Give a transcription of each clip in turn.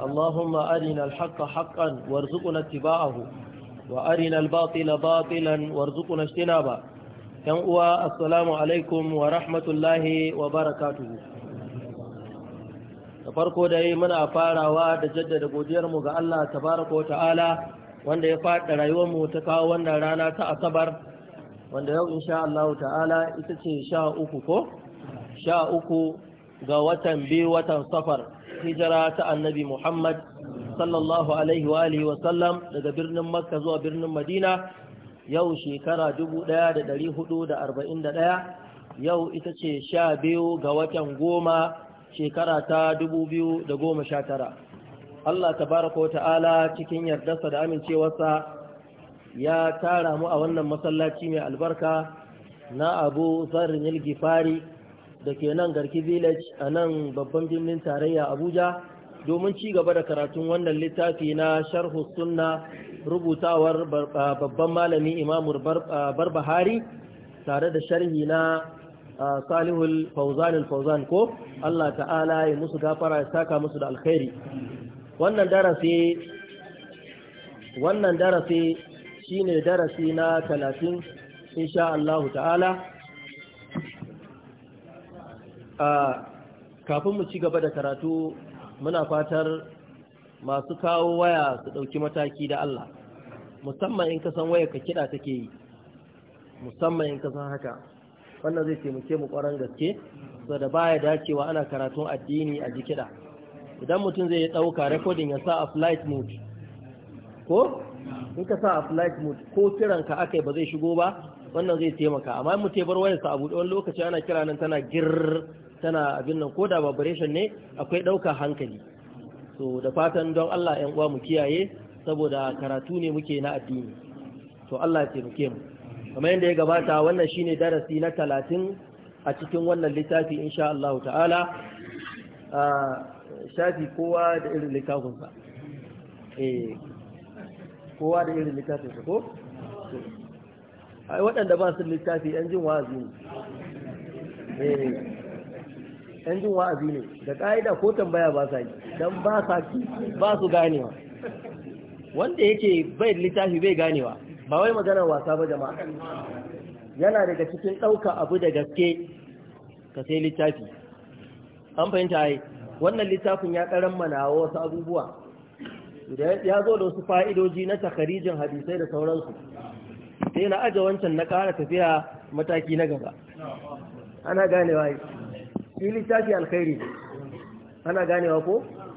اللهم أرنا الحق حقا وارزقنا اتباعه وأرنا الباطل باطلا وارزقنا اجتنابه ينقوى السلام عليكم ورحمة الله وبركاته farko da yi muna farawa da jaddada godiyarmu ga Allah tabaraka wa ta'ala wanda ya faɗa rayuwarmu ta kawo wannan rana ta asabar wanda yau insha Allah ta'ala ita ce sha uku ko sha uku ga watan biyu watan safar hijira ta annabi Muhammad sallallahu alaihi wa alihi daga birnin Makka zuwa birnin Madina yau shekara 1441 yau ita ce sha biyu ga watan goma shekara ta 2019 Allah tabaraka wa ta'ala cikin yardarsa da amincewarsa ya tara mu a wannan masallaci mai albarka na Abu Zarrin Gifari da ke nan garki village a nan babban birnin tarayya abuja domin ci gaba da karatun wannan littafi na sharhu sunna rubutawar babban malami imamu barbahari tare da sharhi na salihul fauzanul fauzan ko allah ta'ala ya musu gafara ya saka musu da alkhairi wannan darasi shine darasi na talatin insha allahu ta'ala kafin mu ci gaba da karatu muna fatar masu kawo waya su ɗauki mataki da Allah musamman in ka san waya ka kiɗa take yi musamman in ka san haka wannan zai taimake mu ƙwarar gaske da baya dacewa ana karatun addini a ji kiɗa idan mutum zai ɗauka recording ya sa a flight mode ko in ka sa a flight mode ko kiranka aka yi ba zai shigo ba wannan zai taimaka amma mu tebar wayarsa a buɗe wani lokaci ana kira nan tana girr tana abin nan ko da vibration ne akwai ɗauka hankali so da fatan don Allah ‘yan uwa mu kiyaye saboda karatu ne muke na addini to Allah ya taimake mu kamar yadda ya gabata wannan shine darasi na talatin a cikin wannan littafi insha Allah ta'ala shafi kowa da irin littafinsa eh kowa da irin littafinsa ko? ai waɗanda ba su littafi ‘yan jin wazi ne eh. yan jin wa'azi ne da ka'ida ko tambaya ba sa yi dan ba sa ba su ganewa wanda yake bai littafi bai ganewa ba wai magana wasa ba jama'a yana daga cikin ɗauka abu da gaske ka sai littafi an fahimta ai wannan littafin ya ƙaran mana wasu abubuwa ya zo da wasu fa'idoji na takarijin hadisai da sauransu sai na aje wancan na ƙara tafiya mataki na gaba ana ganewa yi shi littafi alkhairi ana ganewa ko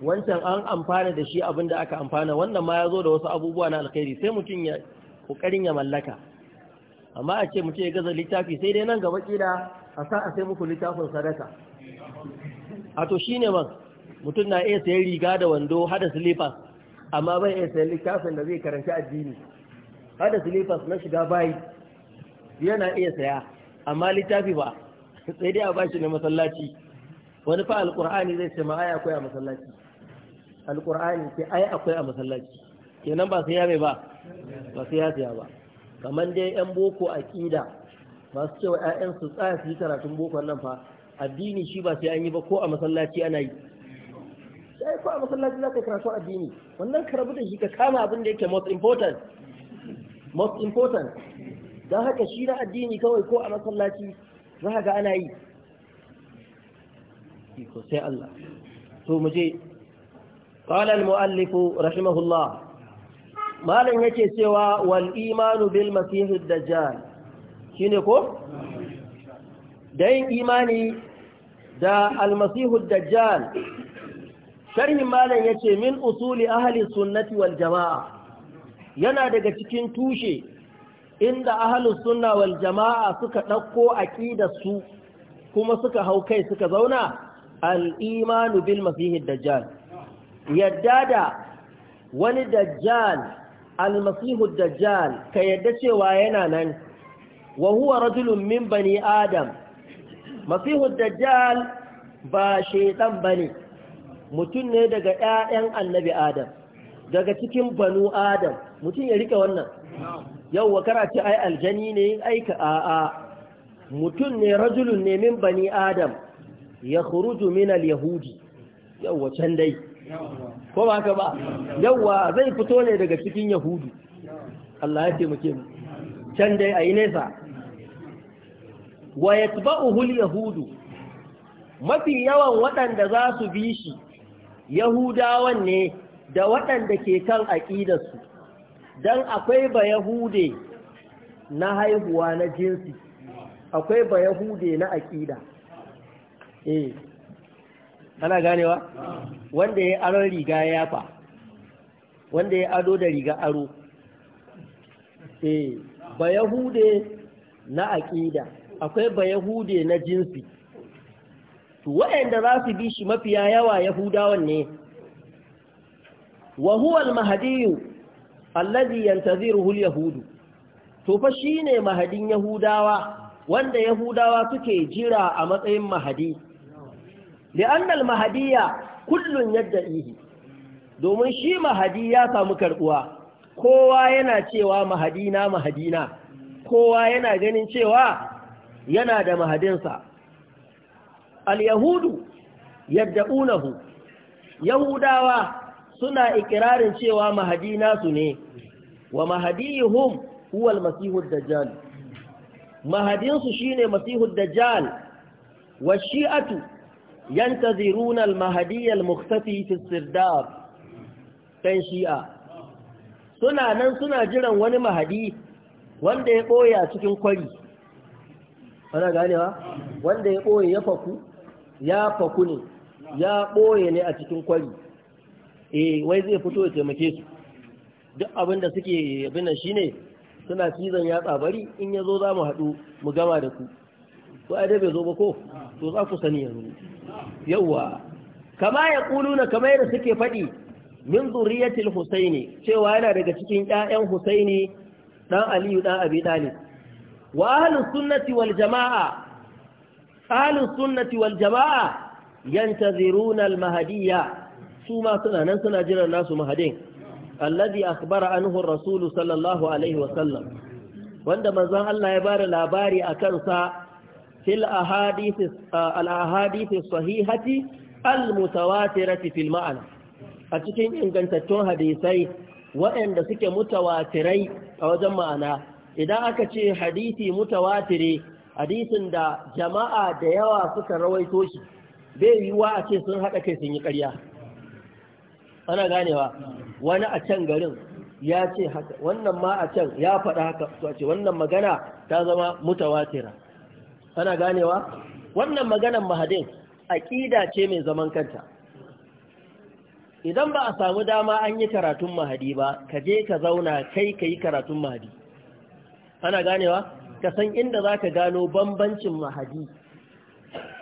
wancan an amfana da shi abin da aka amfana wannan ma ya zo da wasu abubuwa na alkhairi sai mutum ya kokarin ya mallaka amma a ce mutum ya gaza littafi sai dai nan gaba kila a sa a sai muku littafin sadaka a to shine man mutum na iya sayan riga da wando hada silifas amma bai iya sayan littafin da zai karanci addini hada silifas na shiga bayi yana iya saya amma littafi ba sai dai a bashi na masallaci wani fa alqur'ani zai ce ma ai akwai a masallaci alqur'ani sai ai akwai a masallaci kenan ba sai ya mai ba ba sai ya siya ba kamar dai yan boko aqida masu cewa ƴaƴan su tsaya su yi karatun boko nan fa addini shi ba sai an yi ba ko a masallaci ana yi sai ko a masallaci za ka karatu addini wannan karabu da shi ka kama abin da yake most important most important don haka shi na addini kawai ko a masallaci za ga ana yi iko sai Allah to mu je qala al muallif rahimahullah yake cewa wal imanu bil masih ad dajjal shine ko dan imani da al masih ad dajjal sharhin malan yace min usuli ahli sunnati wal jamaa yana daga cikin tushe inda ahalus sunna wal jama'a suka ɗauko su kuma suka hau kai suka zauna al'imanu bil masihid dajjal yadda da wani dajjal al dajjal ka yadda cewa yana nan wa huwa rajulun min bani adam masihud dajjal ba shaitan bane mutum ne daga 'ya'yan annabi adam daga cikin banu adam mutum ya rike wannan yau wa ce ai aljani ne aika a'a mutum ne rajulun ne min bani adam ya khuruju min al-yahudi yau can dai ko ba ka ba yauwa zai fito ne daga cikin yahudu Allah ya taimake mu can dai ayi nesa wa yatba'uhu al-yahudu mafi yawan waɗanda za su bi shi yahudawan ne da waɗanda ke kan aƙidarsu don akwai ba yahude na haihuwa na jinsi akwai ba yahude na aƙida eh ana ganewa wanda ya aron riga yafa wanda ya ado da riga aro eh ba yahude na aƙida akwai ba yahude na jinsi waɗanda za su bi shi mafiya yawa yahudawan ne wa al mahadiyu allazi yantaziruhu al-yahudu to fa shine mahadin yahudawa wanda yahudawa suke jira a matsayin mahadi li'anna al-mahadiya kullun yad'ihi domin shi mahadi ya samu karbuwa kowa yana cewa mahadina mahadina kowa yana ganin cewa yana da mahadinsa al-yahudu yahudawa suna ikirarin cewa mahadi nasu ne wa mahadihum huwa al masihud dajjal su shine masihud dajjal wa shi'atu yantaziruna al-mahdi al-mukhtafi fi sirdab kan shi'a suna nan suna jiran wani mahadi wanda ya boya cikin kwari ana ganewa wanda ya boye ya faku ya faku ne ya boye ne a cikin kwari eh wai zai fito ya taimake su duk abinda suke abin nan shine suna cizon ya tsabari in ya zo za mu haɗu mu gama da ku ko a dai bai zo ba ko to za ku sani yanzu yawa kama ya kuluna kamar yadda suke faɗi min zuriyatil husaini cewa yana daga cikin ƴaƴan husaini dan aliyu dan abi talib wa ahlus sunnati wal jamaa ahlus sunnati wal jamaa yantaziruna al mahdiyya su ma suna nan suna jiran nasu mahadin alladhi akhbara anhu ar-rasul sallallahu alaihi wa sallam wanda manzon Allah ya bada labari akan sa fil ahadith al-ahadith sahihati al-mutawatirati fil ma'ana a cikin ingantattun hadisai waɗanda suke mutawatirai a wajen ma'ana idan aka ce hadisi mutawatire hadisin da jama'a da yawa suka rawaito shi bai yiwuwa a ce sun haɗa kai sun yi ƙarya ana ganewa wani a can garin ya ce haka wannan ma a can ya faɗa haka to a ce wannan magana ta zama mutawatira ana ganewa wannan maganan mahadin aƙida ce mai zaman kanta idan ba a samu dama an yi karatun mahadi ba ka je ka zauna kai ka yi karatun mahadi ana ganewa ka san inda za ka gano bambancin mahadi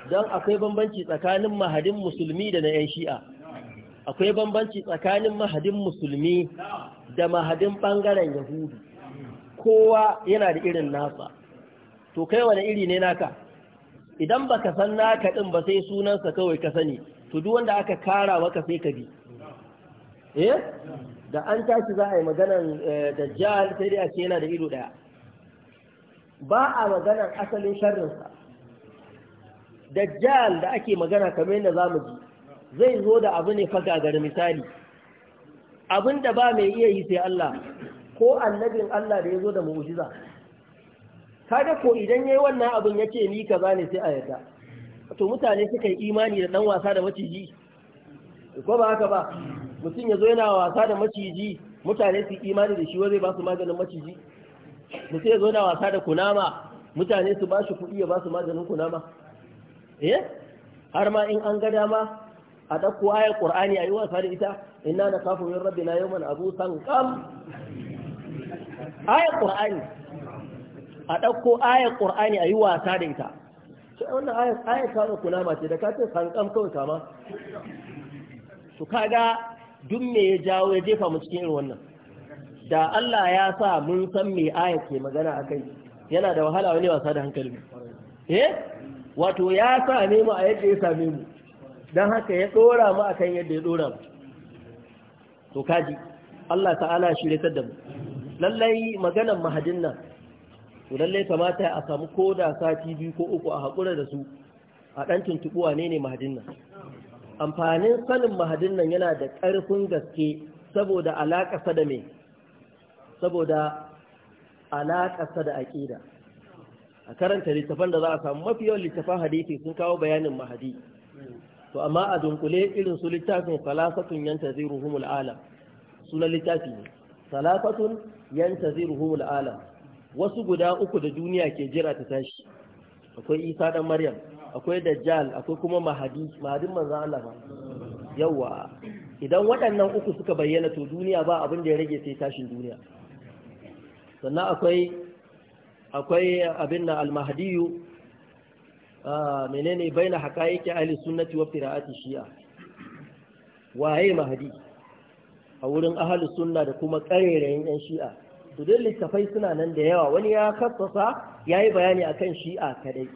don akwai bambanci tsakanin mahadin musulmi da na 'yan shi'a akwai bambanci tsakanin mahadin musulmi da mahadin ɓangaren yahudu kowa yana da irin nasa to kai wani iri ne naka idan ba ka san naka ɗin ba sai sunansa kawai ka sani to duk wanda aka kara maka sai ka bi eh da an tashi za a yi maganan eh, dajjal sai dai a ce yana da ido ɗaya ba a maganan asalin sharrinsa dajjal da ake magana kamar yadda za mu ji zai zo da abu ne faga ga misali abin da ba mai iya yi sai Allah ko annabin Allah da ya zo da mu'ujiza kaga ko idan yayi wannan abin yace ni kaza ne sai ayyata, to mutane suka yi imani da dan wasa da maciji ko ba haka ba mutum ya zo yana wasa da maciji mutane su imani da shi zai ba su maganin maciji mutum ya zo yana wasa da kunama mutane su ba shi kuɗi ya ba su maganin kunama eh har ma in an ga dama a ɗauko ayar ƙur'ani a yi wasa da ita inna na kafu min rabbi na yawman abu san kam ayar ƙur'ani a ɗauko ayar ƙur'ani a yi wasa da ita sai wannan ayar ayar kawo kunama ce da ka ce san kam kawai kama su kaga duk me ya jawo ya jefa mu cikin irin wannan da Allah ya sa mun san me ayar ke magana akai yana da wahala wani wasa da hankali eh wato ya sa ne mu a yadda ya same mu don haka ya ɗora mu akan yadda ya dora mu to kaji Allah ta'ala shi da mu lallai maganan mahadin nan to lallai kamata a samu ko da sati biyu ko uku a haƙura da su a ɗan tuntuɓuwa ne ne mahadin nan amfanin sanin mahadin nan yana da ƙarfin gaske saboda alaƙasa da mai saboda alaƙasa da aƙida a karanta littafan da za a samu mafi yawan littafan hadisi sun kawo bayanin mahadi to amma a dunkule irin su littafin salafatun yantaziruhumul alam sunan littafi ne salafatun yantaziruhumul alam wasu guda uku da duniya ke jira ta tashi akwai Isa dan Maryam akwai Dajjal akwai kuma Mahadi Mahadin manzan Allah ba yawa idan waɗannan uku suka bayyana to duniya ba abin da ya rage sai tashin duniya sannan akwai akwai abin na al-mahdiyu menene baina haqaiqi ahli sunnati wa fira'ati shi'a waye mahdi a wurin ahli sunna da kuma karerayen yan shi'a to duk littafai suna nan da yawa wani ya kassasa yayi bayani akan shi'a kadai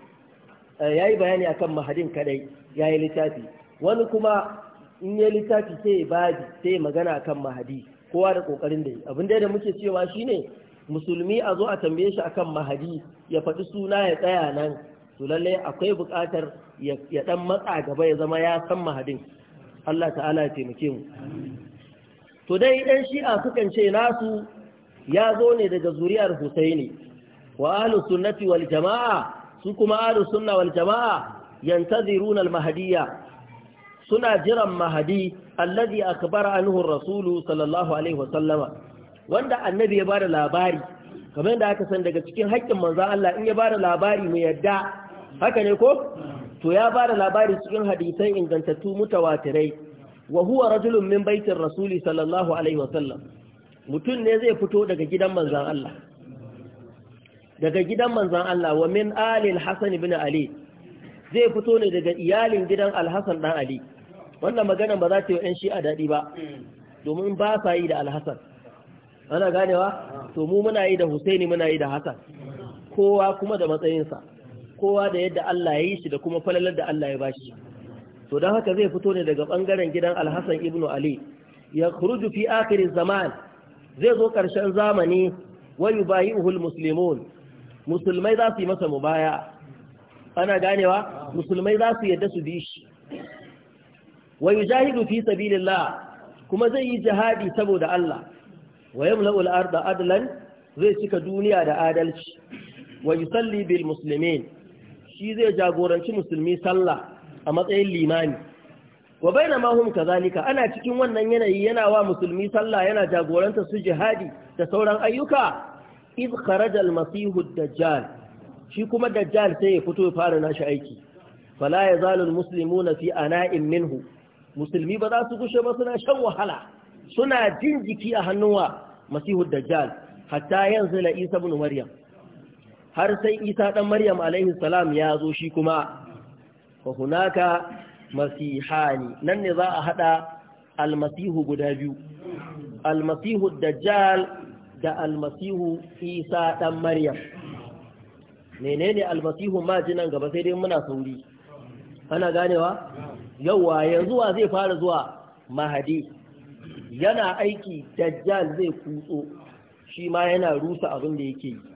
yayi bayani akan mahadin kadai yayi littafi wani kuma in yayi littafi sai babi sai magana akan mahadi kowa da kokarin da yi abin da muke cewa shine musulmi a zo a tambaye shi akan mahadi ya faɗi suna ya tsaya nan to lallai akwai buƙatar ya ɗan matsa gaba ya zama ya san mahadin Allah ta'ala ya taimake mu to dai ɗan shi'a sukan ce nasu ya zo ne daga zuriyar Husaini wa ahlus sunnati wal jama'a su kuma ahlus sunna wal jama'a yantaziruna al suna jiran mahadi alladhi akbara anhu ar-rasul sallallahu alaihi wa sallama wanda annabi ya bada labari kamar da aka san daga cikin haƙƙin manzon Allah in ya bada labari mu yadda haka ne ko to ya bada labari cikin hadisan ingantattu mutawatirai wa huwa rajulun min baitin rasuli sallallahu alaihi wasallam mutum ne zai fito daga gidan manzan Allah daga gidan manzan Allah wa min alil hasan ibn ali zai fito ne daga iyalin gidan alhassan dan ali wannan magana ba za ta yi wa 'yan shi'a daɗi ba domin ba sa yi da alhassan ana ganewa to mu muna yi da husaini muna yi da hassan kowa kuma da matsayinsa kowa da yadda Allah ya yi shi da kuma falalar da Allah ya ba shi to don haka zai fito ne daga ɓangaren gidan alhassan ibnu ali ya kuruju fi akirin zaman zai zo ƙarshen zamani wayu bayi uhul musulmun musulmai za su yi masa mubaya ana ganewa musulmai za su yadda su bi shi wayu jahidu fi sabilillah kuma zai yi jihadi saboda Allah wa yamla'ul arda adlan zai cika duniya da adalci wa yusalli bil muslimin shi zai jagoranci musulmi sallah a matsayin limani wa baina ma kazalika ana cikin wannan yanayi yana wa musulmi sallah yana jagoranta su jihadi da sauran ayyuka iz kharaja al-masih ad-dajjal shi kuma dajjal sai ya fito ya fara nashi aiki fala yazalu al-muslimuna fi ana'in minhu musulmi ba za su gushe ba suna shan wahala suna jin jiki a hannuwa masihu dajjal hatta yanzu la isa ibn maryam har sai isa ɗan maryam alaihi salam ya zo shi kuma fa hunaka masihani nan ne za a haɗa almasihu guda biyu almasihu dajjal da almasihu isa ɗan maryam menene almasihu majinan gaba sai dai muna sauri ana ganewa yauwa yanzu wa zai fara zuwa mahadi yana aiki dajjal zai kutso shi ma yana rusa abin da yake yi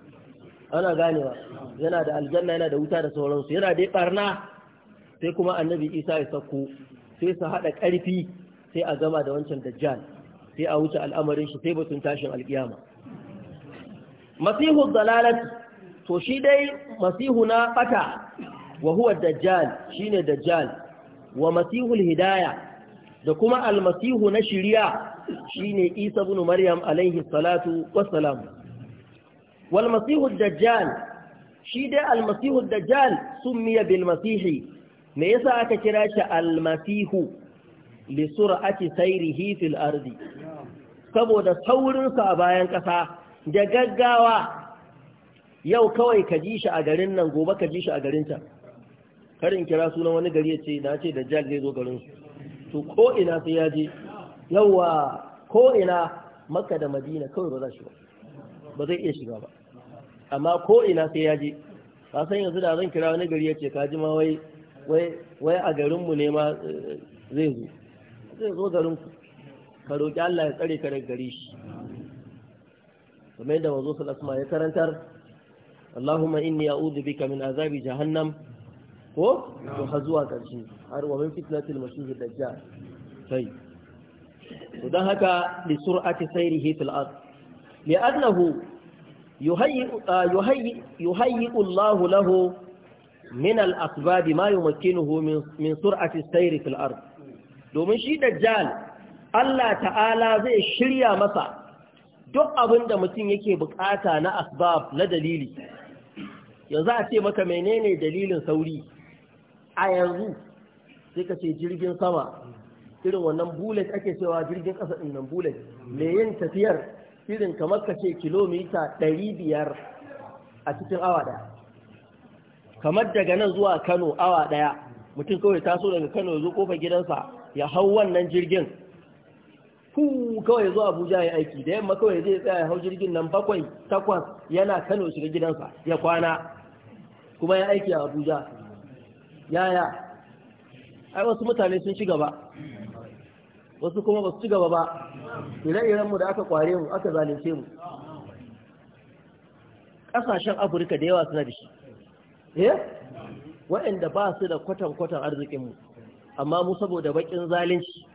ana ganewa yana da aljanna yana da wuta da sauransu yana da barna sai kuma annabi isa ya sako sai su haɗa ƙarfi sai a gama da wancan dajjal sai a wuce al'amarin shi sai batun tashin alƙiyama masihu dalalat to shi dai masihu na bata wa huwa dajjal shine dajjal wa masihul hidaya da kuma almasihu na shiriya shine isa ibn maryam alaihi salatu wassalam walmasihu dajjal shi dai almasihu dajjal summiya bilmasihi masihi me yasa aka kira shi almasihu masihu li sur'ati sayrihi fil ardi saboda saurinsa a bayan ƙasa da gaggawa yau kawai ka ji shi a garin nan gobe ka ji shi a garin can karin kira sunan wani gari ya ce na ce dajjal zai zo garin to ko ina sai ya je yawa ko ina makka da madina kawai ba za shi ba ba zai iya shiga ba amma ko ina sai ya je ba san yanzu da zan kira wani gari ya ce ka ma wai wai a garinmu ne ma eh, zai zo zai zo garinku ka roƙi Allah ya tsare ka daga gari shi kamar yadda mazo asma ya karantar Allahumma inni a'udhu bika min azabi jahannam ko to har zuwa ƙarshe har wa min fitnatil mashihi dajjal sai to dan haka li sur'ati sayrihi fil ard li'annahu yuhayyi'u Allah lahu min al-asbab ma min sur'ati sayri fil domin shi dajjal Allah ta'ala zai shirya masa duk abin da mutum yake bukata na asbab na dalili yanzu a ce maka menene dalilin sauri a yanzu sai ka ce jirgin sama irin wannan bullet ake cewa jirgin ƙasa ɗinnan nan bullet mai yin tafiyar irin kamar ka ce kilomita ɗari biyar a cikin awa ɗaya kamar daga nan zuwa kano awa ɗaya mutum kawai taso daga kano ya zo kofar gidansa ya hau wannan jirgin ku kawai zuwa abuja ya aiki da yamma kawai zai tsaya ya hau jirgin nan bakwai takwas yana kano shiga gidansa ya kwana kuma ya aiki a abuja yaya ai wasu mutane sun ci gaba wasu kuma ba su ci gaba ba ire-iren mu da aka kware mu aka zalunce mu ƙasashen afirka da yawa suna da shi eh waɗanda ba su da kwatan-kwatan arzikinmu amma mu saboda baƙin zalunci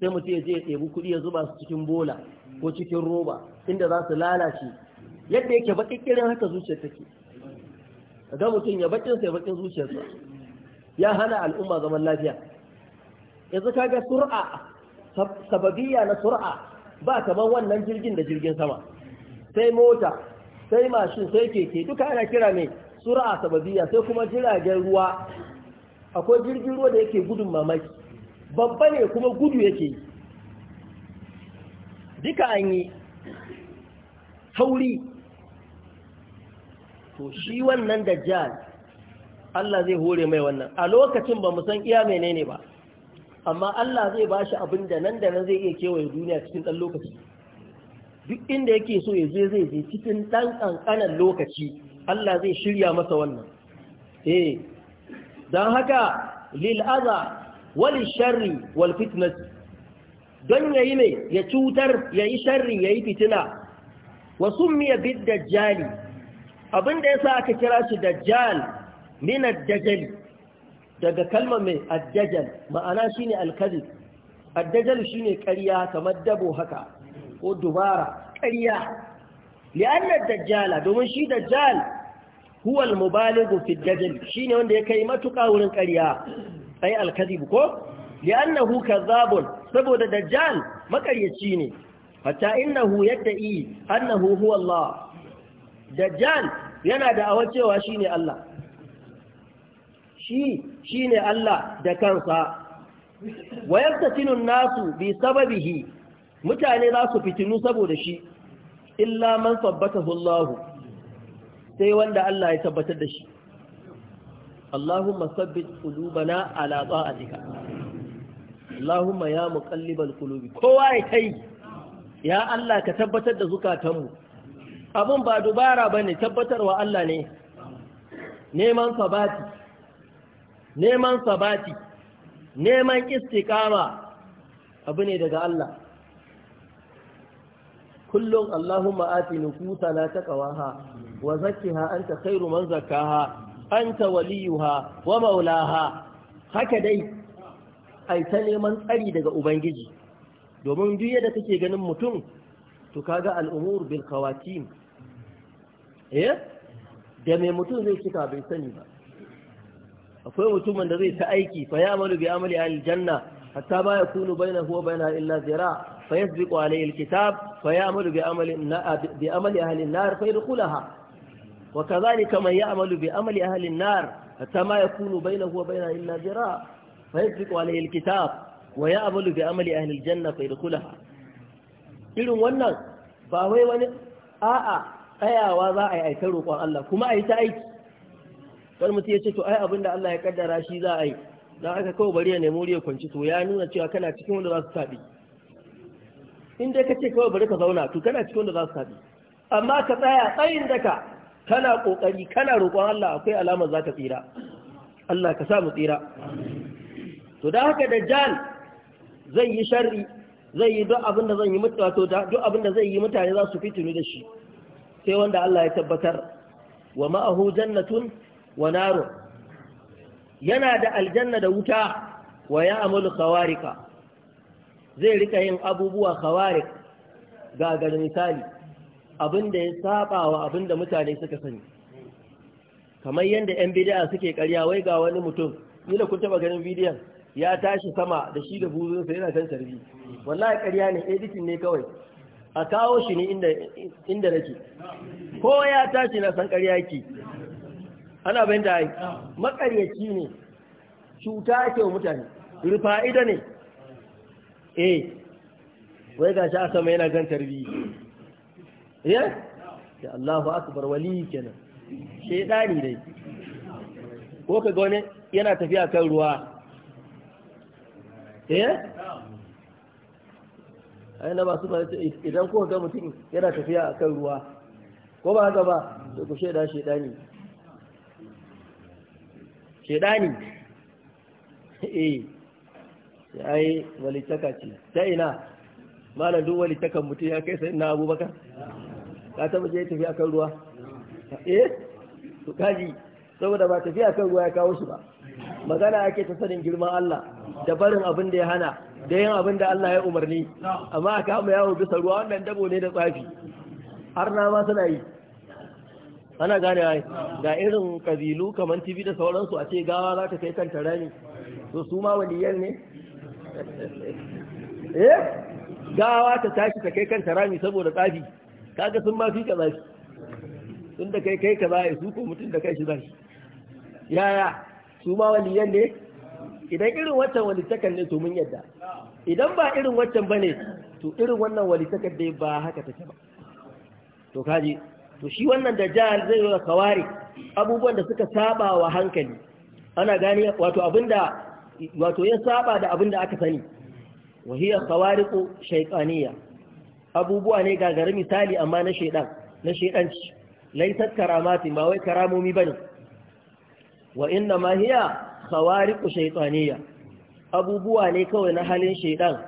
sai mu ce je tsebi kuɗi ya zuba su cikin bola ko cikin roba inda za su lalace yadda yake baƙin kirin haka zuciyar take ga mutum ya baƙin sai baƙin zuciyarsa ya hana al'umma zaman lafiya yanzu kaga sur'a Sababiya na sur'a ba kamar wannan jirgin da jirgin sama sai mota sai mashin sai keke duka ana kira mai sur'a sababiyya sai kuma jiragen ruwa akwai jirgin ruwa da yake gudun mamaki babba ne kuma gudu yake yi duka an yi tauri to shi wannan da jihar Allah zai hore mai wannan a lokacin ba mu san iya menene ba amma Allah zai ba shi abin da nan da nan zai iya kewaye duniya cikin ɗan lokaci duk inda yake so ya zo zai je cikin ɗan ƙanƙanan lokaci Allah zai shirya masa wannan eh don haka lil aza wal sharri wal fitness don yayi ne ya cutar yayi sharri yayi fitina wa summiya bid dajjali abinda yasa aka kira shi dajjal min ad-dajjal daga kalmar mai addajal ma'ana shine alkazib addajal ne ƙarya kamar dabo haka ko dubara ƙarya li'annar dajjala domin shi dajjal huwa al fi dajjal shine wanda ya kai matuƙa wurin ƙarya ai al ko li'annahu kadhabun saboda dajjal makaryaci ne hatta innahu yad'i annahu huwa Allah dajjal yana da shi shine Allah shi shi ne Allah da kansa wa yaftatinun nasu bi sababihi mutane za su fitinu saboda shi illa man sabbatahu Allah sai wanda Allah ya tabbatar da shi Allahumma sabbit qulubana ala ta'atika Allahumma ya muqallibal qulubi kowa ya kai ya Allah ka tabbatar da zukatanmu abun ba dubara bane tabbatarwa Allah ne neman sabati neman sabati neman istiqama abu ne daga Allah kullum Allahumma ati nufusana taqwaha wa zakkiha anta khairu man zakkaha anta waliyuha wa maulaha haka dai ai ta neman tsari daga ubangiji domin duk yadda kake ganin mutum to kaga al'umur bil khawatim eh da mai mutum zai cika bai sani ba akwai mutumin da zai ta aiki fa ya amalu bi amali al janna hatta ba ya kunu baina huwa baina illa zira fa yasbiqu alayhi al kitab fa ya amalu bi amali bi amali ahli an-nar fa yadkhulaha wa kadhalika man ya'malu bi amali ahli an-nar hatta ma yakunu baina huwa baina illa zira fa yasbiqu alayhi al kitab wa ya'malu bi amali ahli al-janna fa yadkhulaha irin wannan ba wai wani a'a tsayawa za a yi aitar roƙon Allah kuma a yi ta aiki kar mutum ya ce to ai abin da Allah ya kaddara shi za a yi dan aka kawo bari ya nemi ya kwanci to ya nuna cewa kana cikin wanda za su tabi in dai ka ce kawai bari ka zauna to kana cikin wanda za su tabi amma ka tsaya tsayin daka kana kokari kana roƙon Allah akwai alamar za ka tsira Allah ka sa mu tsira to da haka dajjal zai yi sharri zai yi duk abin da zan yi mutane to duk abin da zai yi mutane za su fitinu da shi sai wanda Allah ya tabbatar wa ma'ahu jannatun wa yana da aljanna da wuta wa ya amalu khawarika zai rika yin abubuwa khawarik gagar misali abinda ya saba wa abinda mutane suka sani kamar yadda 'yan bidiya suke karya wai ga wani mutum nila kun taba ganin bidiyon ya tashi sama da shi da buzunsa yana kan sarbi wallahi karya ne editin ne kawai a kawo shi ne inda nake ko ya tashi na san karya yake ana bayan da yi makaryaci ne cuta ake wa mutane rufa'ida ne eh wai ga shi a yana gan tarbi ya ya Allahu akbar wali kenan dani dai ko ka gane yana tafiya kan ruwa eh ai na ba su ba idan ko ga mutum yana tafiya akan ruwa ko ba haka ba to ku sheda shedani ne shedani eh ai walitaka ce ta ina malam duk walitakan mutum ya kai sai na abubakar ka taba je tafi akan ruwa eh to kaji saboda ba tafi akan ruwa ya kawo su ba magana ake ta sanin girman Allah da barin abin da ya hana da yin abin da Allah ya umarni amma aka mu yawo bisa ruwa wannan dabo ne da tsafi har na ma suna yi ana gane ai ga irin kabilu kamar tv da sauransu a ce gawa za ta kai kan tarani to su ma waliyar ne eh gawa ta tashi ta kai kan tarani saboda tsafi kaga sun ma fi ka zafi tun da kai kai ka za su ko mutum da kai shi zafi yaya su ma yan ne idan irin waccan walitakan ne to mun yadda idan ba irin waccan ne, to irin wannan walitakar dai ba haka take ba to kaji to shi wannan Jihar zai yi kawari abubuwan da suka saba wa hankali ana gani wato abinda wato ya saba da abinda aka sani wa hiya khawariqu shaytaniyya abubuwa ne gagara misali amma na shaydan na shaydanci laysat karamatin ba wai karamomi ba ne. wa inna mahiya? hiya khawariqu shaytaniyya abubuwa ne kawai na halin shaydan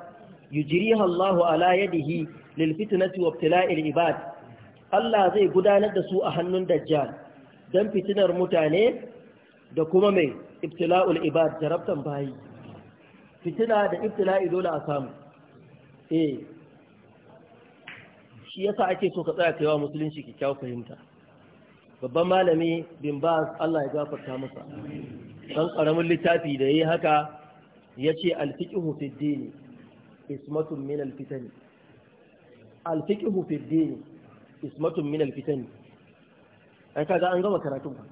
yujriha Allahu ala yadihi lil fitnati wa ibtila'il ibad Allah zai gudanar da su a hannun dajjal don fitinar mutane da kuma mai ibtila'ul ibad jarabtan bayi fitina da ibtila'i dole a samu eh shi yasa ake so ka tsaya kaiwa musulunci kyau fahimta babban malami bin ba Allah ya gafarta masa dan karamin littafi da yayi haka yace al-fiqhu fi din ismatun min al-fitan al-fiqhu ismatun minal fitan ai kaga an gama karatun ba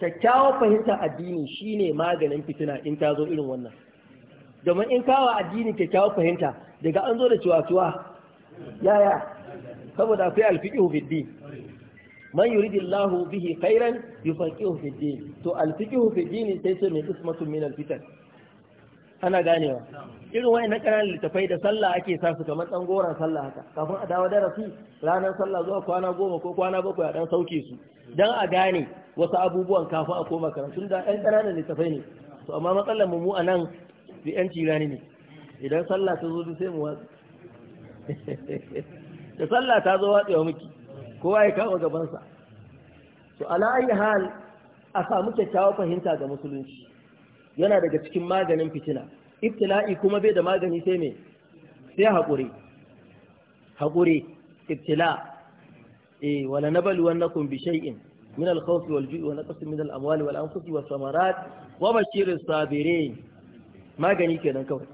kyakkyawar fahimta addini shine maganin fitina in ta zo irin wannan domin in kawo addini kyakkyawar fahimta daga an zo da ciwatuwa yaya saboda fi alfiqhu fid din man Allahu bihi khairan yufaqihu fid din to alfiqhu fid din sai sai mai ismatun minal fitan ana ganewa irin na ƙananan littafai da sallah ake sa su kamar ɗan goron sallah haka kafin a dawo darasi ranar sallah zuwa kwana goma ko kwana bakwai a ɗan sauke su don a gane wasu abubuwan kafin a koma karatu da ɗan ƙananan littafai ne to amma matsalar mu a nan da ƴan rani ne idan sallah ta zo sai mu watsi da sallah ta zo wa miki kowa ya kama gabansa to ala ayi hal a samu kyakkyawar fahimta ga musulunci yana daga cikin maganin fitina ibtila'i kuma bai da magani sai me sai haƙuri haƙuri ibtila e wala wannakum bi shay'in min al-khawfi wal-ju'i wa naqsin min al-amwali wal-anfusi was-samarat wa bashiris sabirin magani kenan kawai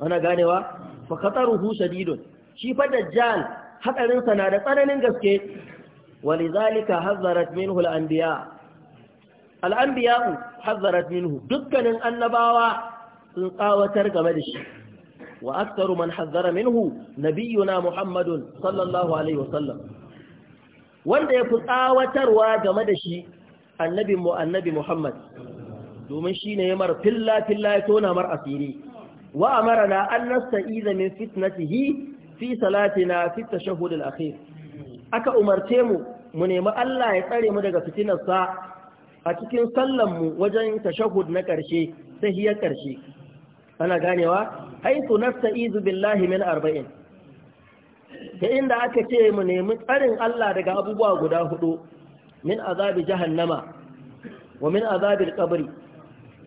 ana ganewa fa khataruhu shadidun shi fa dajjal hadarin sa na da tsananin gaske walizalika hazzarat minhu al-anbiya al-anbiya hazzarat minhu dukkanin annabawa sun tsawatar game da shi wa aktaru man hazzara minhu nabiyuna muhammadun sallallahu wanda ya fi tsawatarwa game da shi annabi annabi muhammad domin shi ne mar filla filla ya tona mar asiri wa na an nasta'iza min fitnatihi fi salatina fi tashahhud al-akhir aka umarce mu mu nemi Allah ya tsare mu daga fitinarsa a cikin sallanmu wajen tashahud na ƙarshe tahiyar ƙarshe ana ganewa haitu Izu billahi min arba'in ta inda aka ce mu nemi tsarin Allah daga abubuwa guda hudu min azabi jahannama wa min azabil kabri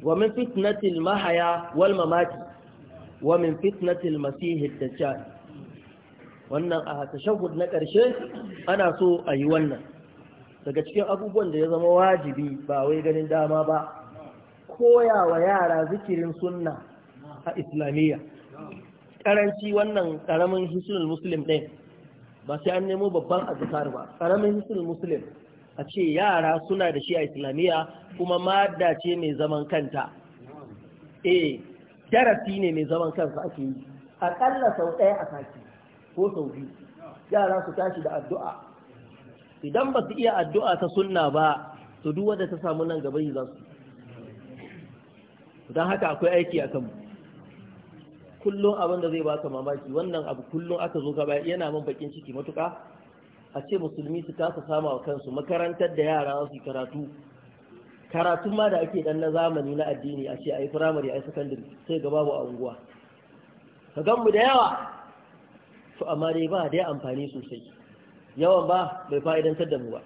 wa min fitnatil mahaya wal mamati wa min fitnatil masih dajjal wannan a tashahhud na ƙarshe ana so a yi wannan daga cikin abubuwan da ya zama wajibi ba wai ganin dama ba koya wa yara zikirin sunna a islamiyya karanci wannan karamin hisunan muslim ɗin ba sai an nemo babban azkar ba karamin hisunan muslim a ce yara suna da shi a islamiyya kuma madda ce mai zaman kanta E, darasi ne mai zaman kansa ake yi aƙalla sau ɗaya a sati ko sau biyu yara su tashi da addu'a idan ba su iya addu'a ta sunna ba su duwa da ta samu nan gaba yi za su don haka akwai aiki a kanmu kullum abin da zai baka mamaki wannan abu kullum aka zo gaba yana min bakin ciki matuƙa a ce musulmi su kasa sama wa kansu makarantar da yara su karatu karatun ma da ake dan na zamani na addini a ce a yi firamare a yi sakandare sai ga ba a unguwa ka gan mu da yawa to amma dai ba dai amfani sosai yawan ba bai fa'idantar da mu ba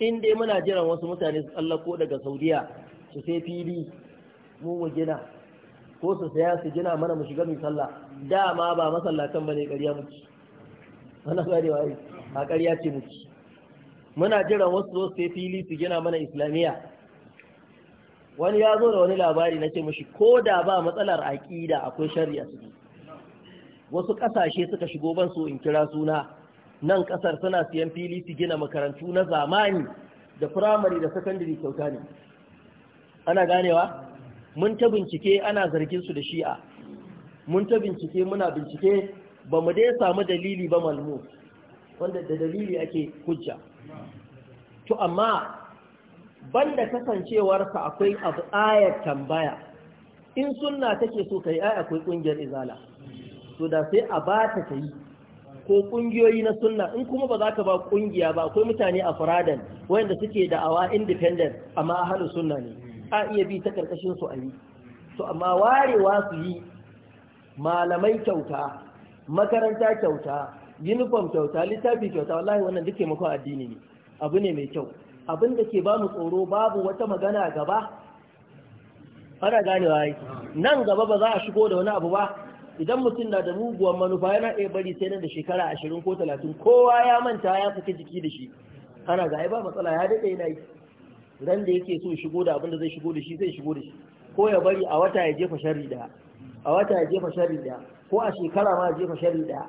in dai muna jiran wasu mutane su tsallako daga saudiya su sai fili mu mu gina ko su saya su gina mana mu shiga mai sallah dama ba masallatan bane ƙarya muke wannan gane wa a ƙarya ce muke muna jiran wasu zo sai fili su gina mana islamiyya wani ya zo da wani labari na ce mashi ko da ba matsalar aƙida akwai shari'a su wasu ƙasashe suka shigo ban so in kira suna nan ƙasar suna siyan fili su gina makarantu na zamani da firamare da sakandare kyauta ne ana ganewa mun ta bincike ana zargin su da shi'a mun ta bincike muna bincike ba mu dai samu dalili ba malmu wanda da dalili ake hujja to amma banda kasancewarsa akwai abu ayar tambaya in sunna take so kai ai akwai kungiyar izala to da sai a ba ta yi ko kungiyoyi na sunna in kuma ba za ka ba kungiya ba akwai mutane a faradan wayanda suke da'awa independent amma ahalu sunna ne a iya bi ta karkashin su a yi to amma warewa su yi malamai kyauta makaranta kyauta uniform kyauta littafi kyauta wallahi wannan duk taimako addini ne abu ne mai kyau abin da ke bamu tsoro babu wata magana gaba ana ganewa yi nan gaba ba za a shigo da wani abu ba idan mutum na da muguwan manufa yana iya bari sai nan da shekara ashirin ko talatin kowa ya manta ya fita jiki da shi ana ga ba matsala ya daɗe yana yi ran da yake so shigo da abin da zai shigo da shi zai shigo da shi ko ya bari a wata ya jefa sharri da a wata ya jefa sharri da ko a shekara ma ya jefa sharri da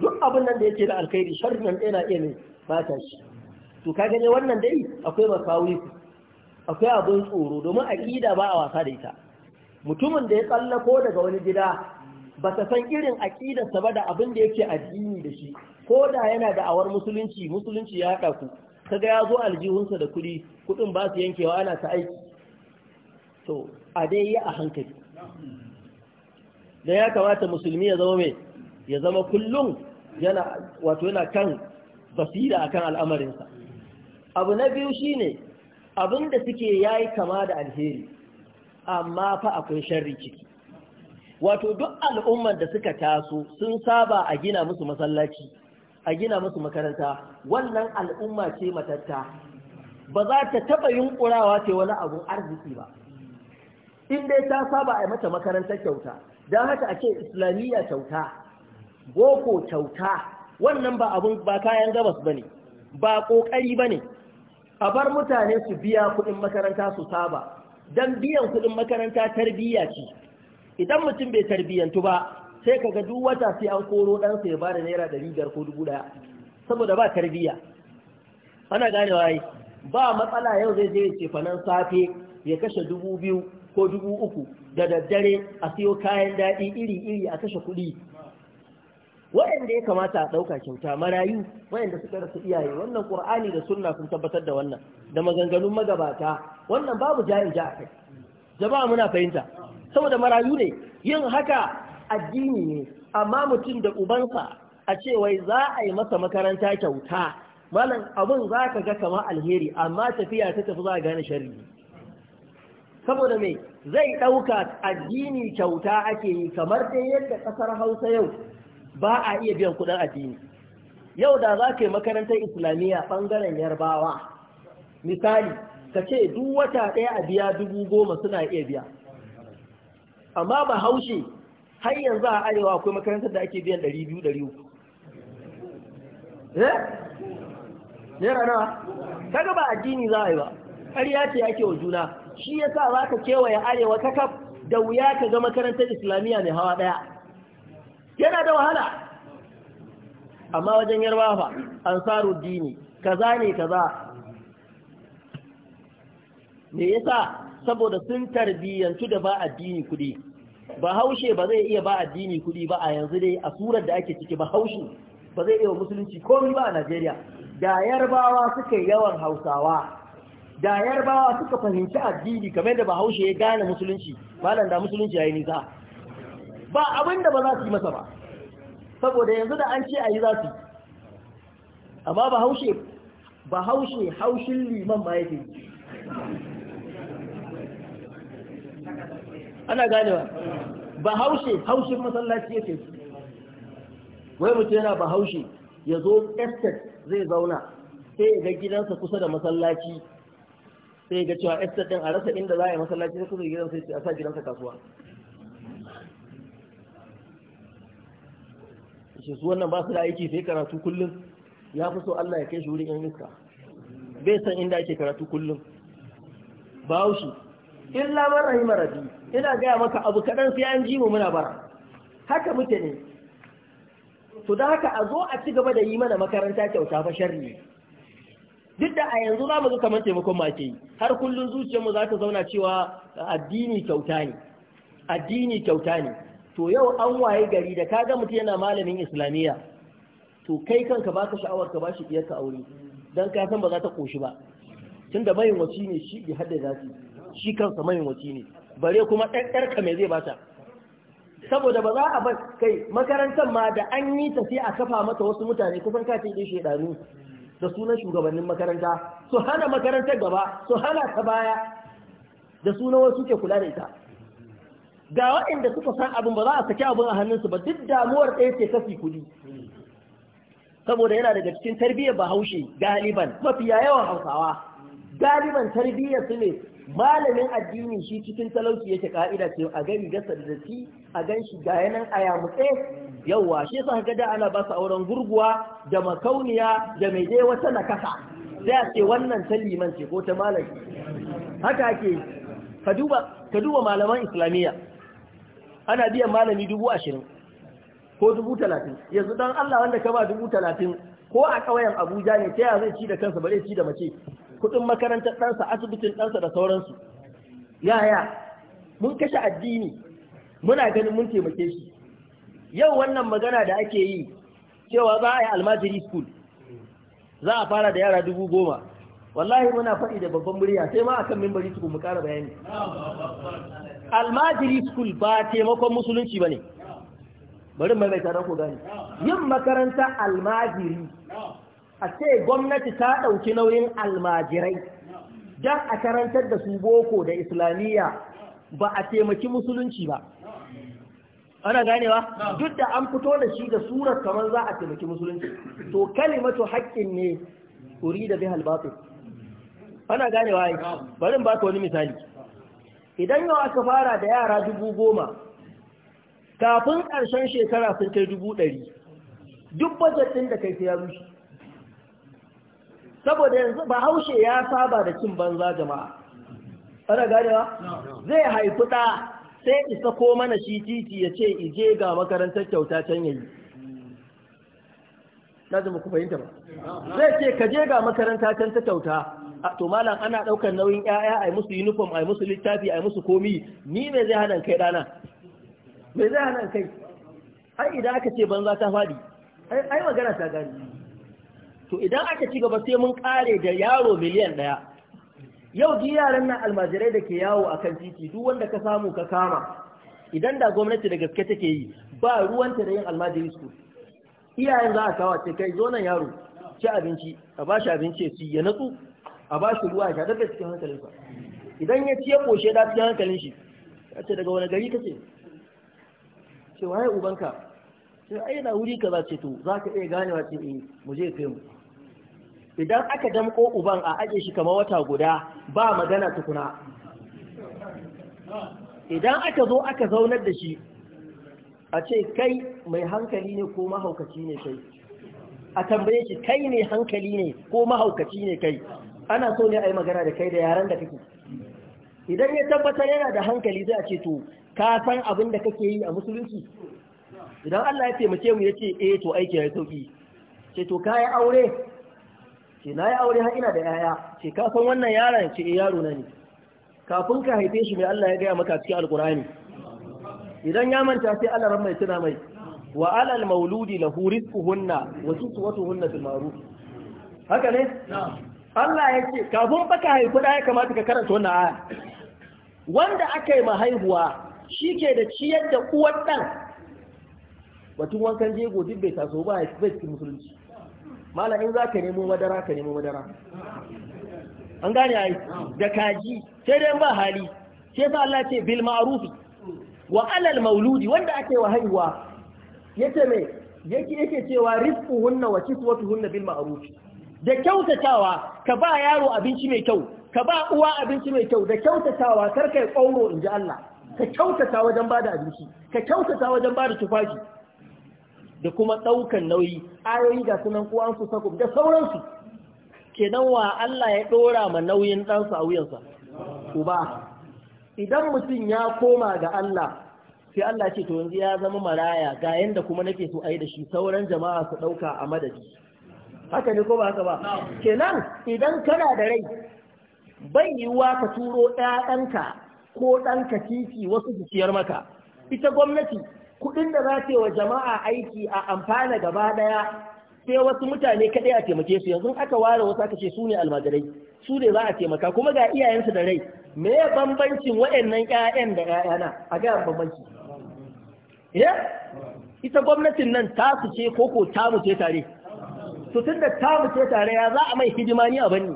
duk abin nan da yake da alkhairi sharri nan yana iya mai fata shi to ka gani wannan dai akwai masawi akwai abin tsoro domin aqida ba a wasa da ita mutumin da ya tsallako daga wani gida ba ta san irin aƙidarsa ba da abin da yake addini da shi ko da yana da awar musulunci musulunci ya haɗa ku kaga ya zo aljihunsa da kuɗi kuɗin ba su yankewa ana ta aiki to a dai yi a hankali Da ya kamata musulmi ya zama mai ya zama kullum yana wato yana kan basira akan al'amarinsa abu na biyu shine abin da suke yayi kama da alheri amma fa akwai sharri ciki wato duk al'ummar da suka taso sun saba a gina musu masallaci a gina musu makaranta wannan al'umma ce matatta ba za ta taɓa yunƙurawa ce wani abun arziki ba in dai ta saba a mata makarantar kyauta don haka a ce islamiyya kyauta boko kyauta wannan ba abun ba kayan gabas ba ne ba ƙoƙari ba ne a bar mutane su biya kuɗin makaranta su saba don biyan kuɗin makaranta tarbiyya ce idan mutum bai tarbiyyantu ba sai kaga duk wata sai an koro ɗansa ya da naira ɗari biyar ko dubu ɗaya saboda ba tarbiyya ana ganewa yi ba matsala yau zai je ce fanan safe ya kashe dubu biyu ko dubu uku da daddare a siyo kayan daɗi iri-iri a kashe kuɗi waɗanda ya kamata a ɗauka kyauta marayu waɗanda suka rasa iyaye wannan ƙur'ani da sunna sun tabbatar da wannan da maganganun magabata wannan babu jari ja a kai jama'a muna fahimta saboda marayu ne yin haka addini ne amma mutum da ubansa a ce wai za a yi masa makaranta kyauta malam abin za ka ga kama alheri amma tafiya ta tafi za a gane sharri saboda mai zai ɗauka addini kyauta ake yi kamar dai yadda ƙasar hausa yau ba a iya biyan kuɗin addini yau da za ka yi makarantar islamiyya ɓangaren yarbawa misali ka ce duk wata ɗaya a biya dubu goma suna iya biya amma ba haushe har yanzu a arewa akwai makarantar da ake biyan 200-300 eh yana nawa kaga ba addini za a yi ba ƙarya ce ake wa juna shi ya sa za ka kewaye arewa ta kaf da wuya ka ga makarantar islamiyya mai hawa ɗaya yana da wahala amma wajen yarwa fa ansaru dini kaza ne kaza me yasa saboda sun tarbiyyantu da ba addini kuɗi ba haushe ba zai iya ba addini kuɗi ba a yanzu dai a surar da ake ciki ba haushe ba zai iya musulunci komi ba a Najeriya da yarbawa suka yawan hausawa da yarbawa suka fahimci addini kamar da ba haushe ya gane musulunci malam da musulunci yayi nisa ba abin da ba za su yi masa ba saboda yanzu da an ce a yi za su amma ba haushe ba haushe haushin liman ma yake ana ganewa ba haushe haushin masallaci yake wai mutum yana ba haushe ya zo estate zai zauna sai ga gidansa kusa da masallaci sai ga cewa estate din a rasa inda za a yi masallaci sai kusa gidansa sai a sa gidansa kasuwa shi su wannan ba su da aiki sai karatu kullum ya fi so Allah ya kai shi wurin yan iska bai san inda ake karatu kullum ba haushe illa man rahima Rabi, ina gaya maka abu kaɗan sai an ji mu muna bara haka muke ne to da haka a zo a ci gaba da yi mana makaranta kyauta fa sharri duk da a yanzu za mu zo kamar taimakon ma ke yi har kullum zuciyarmu za ta zauna cewa addini kyauta ne addini kyauta ne to yau an waye gari da ka ga mutum yana malamin islamiyya to kai kanka ba ka sha'awar ka ba shi ka aure don ka san ba za ta koshi ba tunda mai wasi ne shi bi hadda za su shi kansa mahimmanci ne bare kuma ɗanɗarka mai zai bata saboda ba za a bar kai makarantar ma da an yi ta sai a kafa mata wasu mutane kusan kafin ɗin shaidanu da sunan shugabannin makaranta su hana makarantar gaba su hana ta baya da sunan wasu ke kula da ita ga waɗanda suka san abin ba za a saki abin a hannunsu ba duk damuwar ɗaya ce kafi kuɗi saboda yana daga cikin tarbiyyar bahaushe galiban mafiya yawan hausawa galiban tarbiyyar su ne malamin addini shi cikin talauci yake ka'ida ce a gani da datti a gan shi ga yanan a yamutse yauwa shi yasa ga da ana ba su auren gurguwa da makauniya da mai dai wata nakasa sai a ce wannan ta liman ce ko ta malami haka ake ka duba ka duba malaman islamiyya ana biyan malami dubu ashirin ko dubu talatin yanzu dan Allah wanda ka ba dubu talatin ko a ƙauyen Abuja ne ta yaya zai ci da kansa ba zai ci da mace kuɗin makarantar ɗansa asibitin ɗansa da sauransu yaya mun kashe addini muna ganin mun taimake shi yau wannan magana da ake yi cewa za a yi almajiri school za a fara da yara dubu goma wallahi muna faɗi da babban murya sai ma a kan mimbari su mu ƙara bayani almajiri school ba taimakon musulunci ba ne bari mai mai tarar ku gani yin makaranta almajiri a ce gwamnati ta ɗauki nauyin almajirai don a karantar da su boko da islamiyya ba a taimaki musulunci ba ana ganewa duk da an fito da shi da surar kamar za a taimaki musulunci to kalimatu haƙƙin ne uri da bihal batil ana ganewa yi bari ba ka wani misali idan yau aka fara da yara dubu goma kafin ƙarshen shekara sun kai dubu ɗari duk bajetin ɗin da kai sai ya rushe saboda yanzu bahaushe ya saba da cin banza jama'a ana ganewa zai haifi ɗa sai isa ko mana shi titi ya ce ije ga makarantar kyauta can yayi lazima ku fahimta ba zai ce ka je ga makaranta can ta kyauta to malam ana ɗaukar nauyin ƴaƴa ai musu uniform ai musu littafi ai musu komi ni me zai hana kai ɗana me zai hana kai ai idan aka ce banza ta faɗi ai magana ta gani to idan aka ci gaba sai mun kare da yaro miliyan ɗaya yau ji yaran nan almajirai da ke yawo a kan titi duk wanda ka samu ka kama idan da gwamnati da gaske take yi ba ruwanta da yin almajiri su iyayen za a kawo ce kai zo nan yaro ci abinci a ba shi abinci ya ci ya natsu a ba shi ruwa ya shaɗar da cikin hankalinsa idan ya ci ya koshe da cikin hankalin shi ya ce daga wani gari ka ce waye ubanka sai ai na wuri kaza ce to za ka iya ganewa ce eh mu je kai mu idan aka damko uban a ake shi kamar wata guda ba magana tukuna idan aka zo aka zaunar da shi a ce kai mai hankali ne ko mahaukaci ne kai a tambaye shi kai mai hankali ne ko mahaukaci ne kai ana so ne a yi magana da kai da yaren da kake idan ya tabbatar yana da hankali zai a ce to ka san abin da kake yi a musulunci idan Allah ya taimake mu ya ce eh to aiki ya sauki ce to kai aure ce na yi aure har ina da yaya ce kafin wannan yaron ce eh, yaro na ne kafin ka haife shi mai Allah ya gaya maka cikin alkurani idan ya manta sai Allah ran mai tuna mai wa alal mauludi lahu rizquhunna wa kiswatuhunna bil ma'ruf haka ne Allah ya ce kafin baka haifi da ya kamata ka karanta wannan aya wanda aka yi mahaihuwa shi ke da ciyar da uwar ɗan batun wankan jego duk bai taso ba ya bai cikin musulunci in za ka nemo madara ka nemo madara an gane ai da kaji sai dai ba hali sai fa Allah ce bil ma'ruf wa al mauludi wanda ake wa haihuwa yace me yake yake cewa hunna wa hunna bil ma'ruf da kyautatawa ka ba yaro abinci mai kyau ka ba uwa abinci mai kyau da kyautatawa kar kai kauro inji Allah ka kyautata wajen bada abinci ka kyautata wajen bada tufafi da kuma ɗaukan nauyi ayoyi ga sunan ko su sako da sauransu kenan wa Allah ya ɗora ma nauyin ɗansa a wuyansa uba idan mutum ya koma ga Allah sai Allah ce to yanzu ya zama maraya ga yanda kuma nake so ayi da shi sauran jama'a su ɗauka a madadi haka ne ko ba haka ba kenan idan kana da rai bai yiwuwa ka turo ɗanka ko ɗanka titi wasu su maka ita gwamnati kuɗin da za ta wa jama'a aiki a amfana gaba ɗaya sai wasu mutane kaɗai a taimake su yanzu aka ware wasu aka ce su ne almajirai su ne za a taimaka kuma ga iyayensu da rai me ya bambancin waɗannan ƴaƴan da ƴaƴana a ga bambanci ita gwamnatin nan ta su ce koko ta mu ce tare to tunda ta mu ce tare ya za a mai hidima ni a banni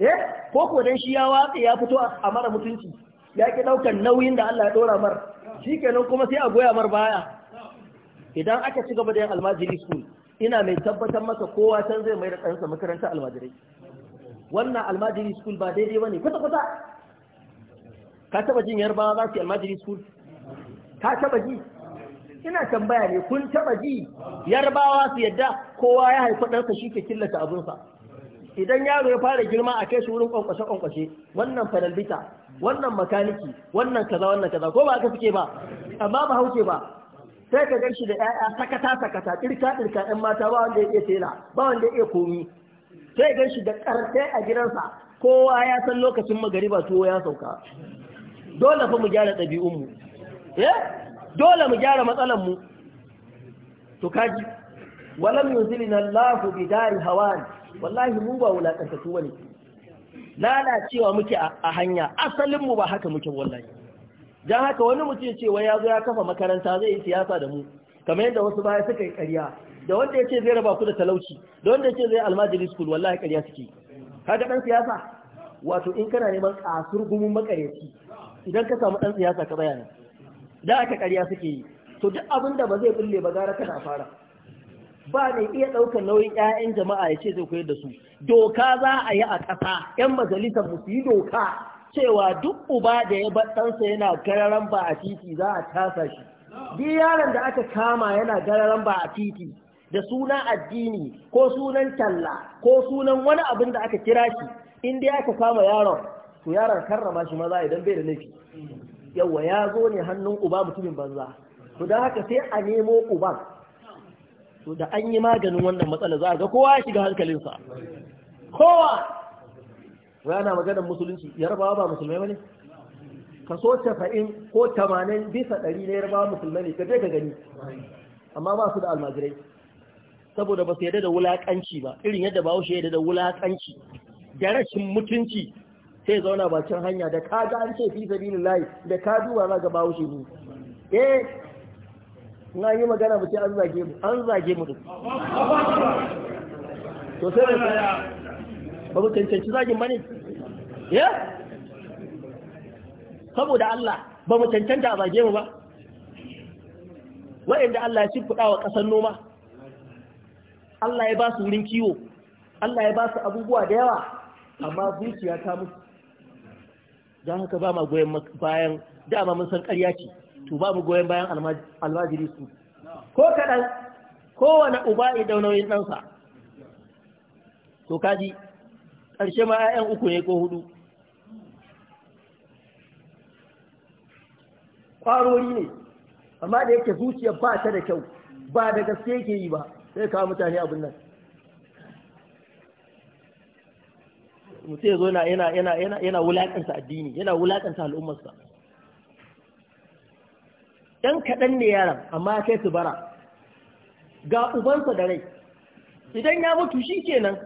eh koko dan shi ya watsa ya fito a mara mutunci ya ki ɗaukar nauyin da Allah ya dora mara. shikenan kuma sai a goya mar baya idan aka ci gaba da yin almajiri school ina mai tabbatar masa kowa can zai mai da ɗansa makaranta almajirai wannan almajiri school ba daidai ba ne kwata-kwata ka taba jin yarbawa za su yi almajiri school ka taba ji ina tambaya ne kun taba ji bawa su yadda kowa ya haifi ɗansa shi ke killata abinsa idan yaro ya fara girma a kai shi wurin kwankwashe kwankwashe wannan fanalbita wannan makaniki wannan kaza wannan kaza ko ba aka fike ba amma ba hauke ba sai ka gan shi da 'ya'ya sakata sakata ɗirka ɗirka 'yan mata ba wanda ya iya tela ba wanda ya iya komi sai gan shi da ƙarfe a gidansa kowa ya san lokacin magariba tuwo ya sauka dole fa mu gyara mu? eh dole mu gyara mu to kaji walam yuzilina Allahu bidari hawan wallahi mu ba wulakantattu bane lalacewa muke a hanya asalin mu ba haka muke wallahi dan haka wani mutum ya ce wai ya zo ya kafa makaranta zai yi siyasa da mu kamar yadda wasu baya suka yi ƙarya da wanda ya ce zai raba ku da talauci da wanda ya ce zai almajiri school wallahi ƙarya suke kaga dan siyasa wato in kana neman kasur gumun makareci idan ka samu dan siyasa ka bayana da aka ƙarya suke yi to duk abin da ba zai bulle ba gara kana fara ba ne iya ɗaukar nauyin 'ya'yan jama'a ya ce zai koyar da su doka za a yi a ƙasa 'yan majalisar mu su yi doka cewa duk uba da ya bar yana gararan ba a titi za a tasa shi bi yaron da aka kama yana gararan ba a titi da suna addini ko sunan talla ko sunan wani abin da aka kira shi in dai aka kama yaron to yaron karrama shi maza idan bai da nufi yawa ya zo ne hannun uba mutumin banza to don haka sai a nemo uban to da an yi maganin wannan matsala za a ga kowa ya shiga hankalinsa kowa rana maganar musulunci yarbawa ba musulmai ba ne kaso tafa'in ko tamanin bisa ɗari na yarbawa musulmai ne ka ka gani amma ba su da almajirai saboda ba su yadda da wulaƙanci ba irin yadda ba shi yadda da wulaƙanci da rashin mutunci sai zauna bakin hanya da ka ga an ce fi sabilillahi da ka duba za ga ba ne eh na yi magana ba sai an zage mu an zage mu to sai ba mu cancanci zagin ba ne ya saboda Allah ba mu cancanta a zage mu ba wa'inda Allah ya shimfiɗa wa ƙasar noma Allah ya ba su wurin kiwo Allah ya ba su abubuwa da yawa amma zuciya ta musu don haka ba ma goyon bayan dama mun san ƙarya ce to ba mu goyon bayan almajiri su ko kaɗan kowane uba ya daunoyin ɗansa to kaji ƙarshe ma 'ya'yan uku ne ko hudu ƙwarori ne amma da yake zuciya ba ta da kyau ba da gaske yake yi ba sai kawo mutane abin nan mutum ya zo yana yana addini yana wulakanta al'ummarsa ɗan kaɗan ne yaron amma kai su bara ga ubansa da rai idan ya mutu shi kenan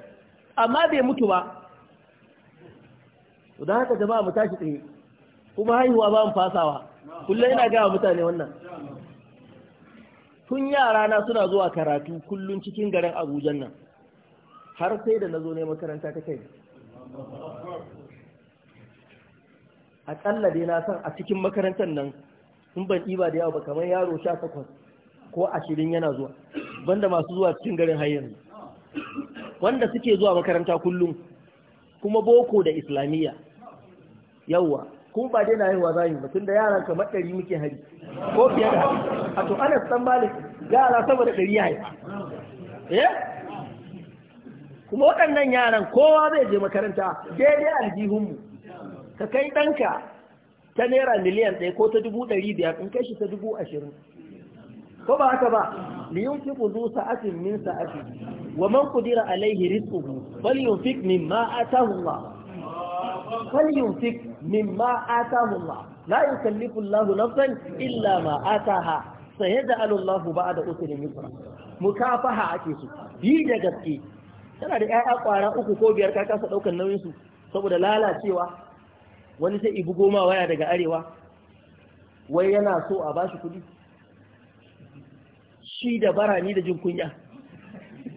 amma bai mutu ba da haka jama'a mu tashi tsaye kuma haihuwa ba mu fasawa kullum yana gaya mutane wannan tun yara na suna zuwa karatu kullum cikin garin Abuja nan har sai da na zo ne makaranta ta kai A ƙalla dai na san a cikin makarantar nan sun ban ɗiba da yawa ba kamar yaro sha takwas ko ashirin yana zuwa banda masu zuwa cikin garin har yanzu wanda suke zuwa makaranta kullum kuma boko da islamiyya yawa kuma ba dai na wa za ba, tun da yara kamar ɗari muke hari ko fiye da hari a to ana san malik yara saboda ɗari ya eh kuma waɗannan yaran kowa zai je makaranta daidai aljihunmu ka kai ɗanka ta naira miliyan ɗaya ko ta dubu ɗari biyar in kai shi ta dubu ashirin ko ba haka ba liyun fi kudu sa'atin min sa'ati wa man qudira alaihi rizquhu falyunfik mimma atahu Allah falyunfik mimma atahu Allah la yukallifu Allah nafsan illa ma ataha sayaj'alu Allah ba'da usri yusra mukafaha ake su yi da gaske tana da ƴaƴa kwara uku ko biyar ka kasa daukar nauyin su saboda lalacewa wani sai ibu goma waya daga arewa wai yana so a bashi kudi shi da bara ni da jin kunya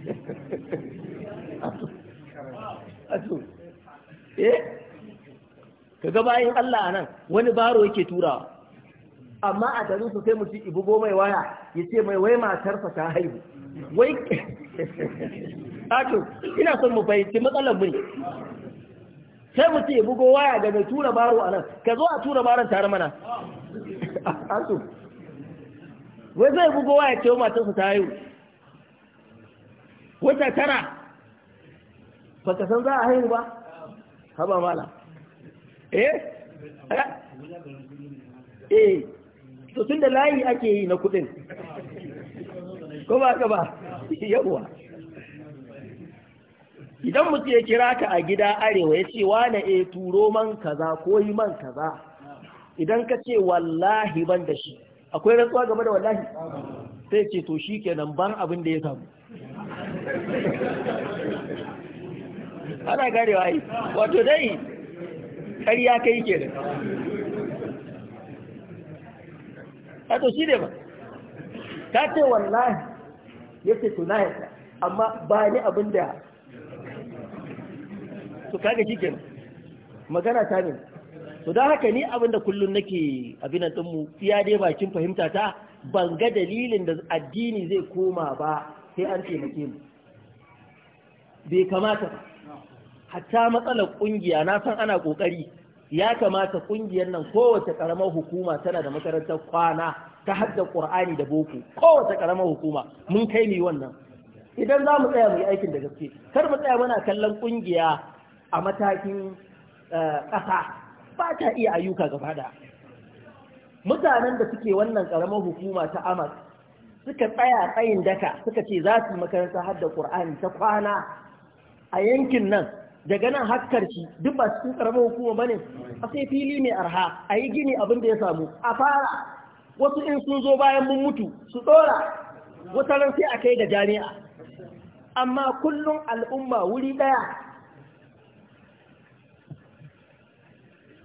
eh ka ga bayan Allah a nan wani baro yake turawa amma a garin su sai mu ci ibu goma waya ya ce mai wai matarsa ta haihu wai ina son mu fahimci matsalar mu ne sai mutum ya bugo waya ga mai tura baro a nan ka zo a tura baron tare mana asu wai zai bugo waya ce matansa ta yi wata tara ba ka san za a haihu ba haba mala eh eh to tun da layi ake yi na kudin ko ba ka ba yawwa idan mutum ya kira ka a gida arewa ya ce wane e turo man kaza ko yi man kaza idan ka ce wallahi ban da shi akwai rantsuwa game da wallahi sai ce to shi kenan ban abin da ya samu ana garewa yi wato dai ƙarya kai kenan a to shi ne ba ka ce wallahi ya ce to na amma ba ni abin da to kaga kike magana ta ne to don haka ni abin da kullum nake abin nan mu iya dai bakin fahimta ta ban ga dalilin da addini zai koma ba sai an taimake mu bai kamata ba hatta matsalar kungiya na san ana kokari ya kamata ƙungiyar nan kowace karamar hukuma tana da makarantar kwana ta hadda ƙur'ani da boko kowace karamar hukuma mun kai ni wannan idan za mu tsaya mu yi aikin da gaske kar mu tsaya muna kallon ƙungiya a matakin eh, ƙasa ba ta iya ayyuka gaba da mutanen da suke wannan ƙaramin hukuma ta amas suka tsaya tsayin daka suka ce za su makaranta har da ƙur'ani ta kwana a yankin nan daga nan hakkar shi duk ba su ƙaramar hukuma ba ne a sai fili mai arha a yi gini abin da ya samu a fara wasu in sun zo bayan mun mutu su ɗora wata ran sai a kai da jami'a amma kullum al'umma wuri ɗaya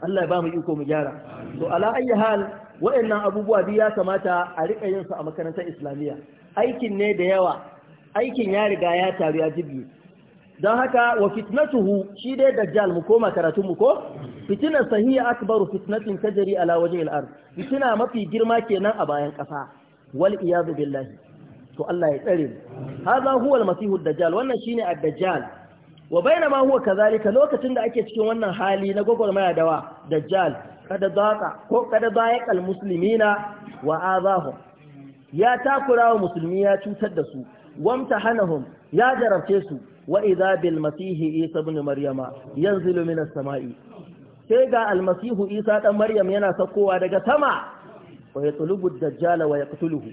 Allah ya ba mu iko mu gyara to ala ayyi hal waɗannan abubuwa biyu ya kamata a riƙa yin su a makarantar islamiyya aikin ne da yawa aikin ya riga ya taru ya jibi don haka wa fitnatuhu shi dai dajjal mu koma karatun mu ko fitinar sahiya akbaru fitnatin tajri ala wajhil ard fitina mafi girma kenan a bayan kasa wal iyadu billahi to Allah ya tsare hadha huwa al masihu dajjal wannan shine ad dajjal wa bainama huwa kazalika lokacin da ake cikin wannan hali na gogormaya dawa dajjal kada daqa ko kada muslimina wa azahum ya takura wa musulmi ya cutar da su wamtahanahum ya jarabce su wa idza bil masih isa ibn maryama yanzilu minas sama'i sai ga almasihu isa dan maryam yana saukowa daga sama wa yatlubu dajjal wa yaqtuluhu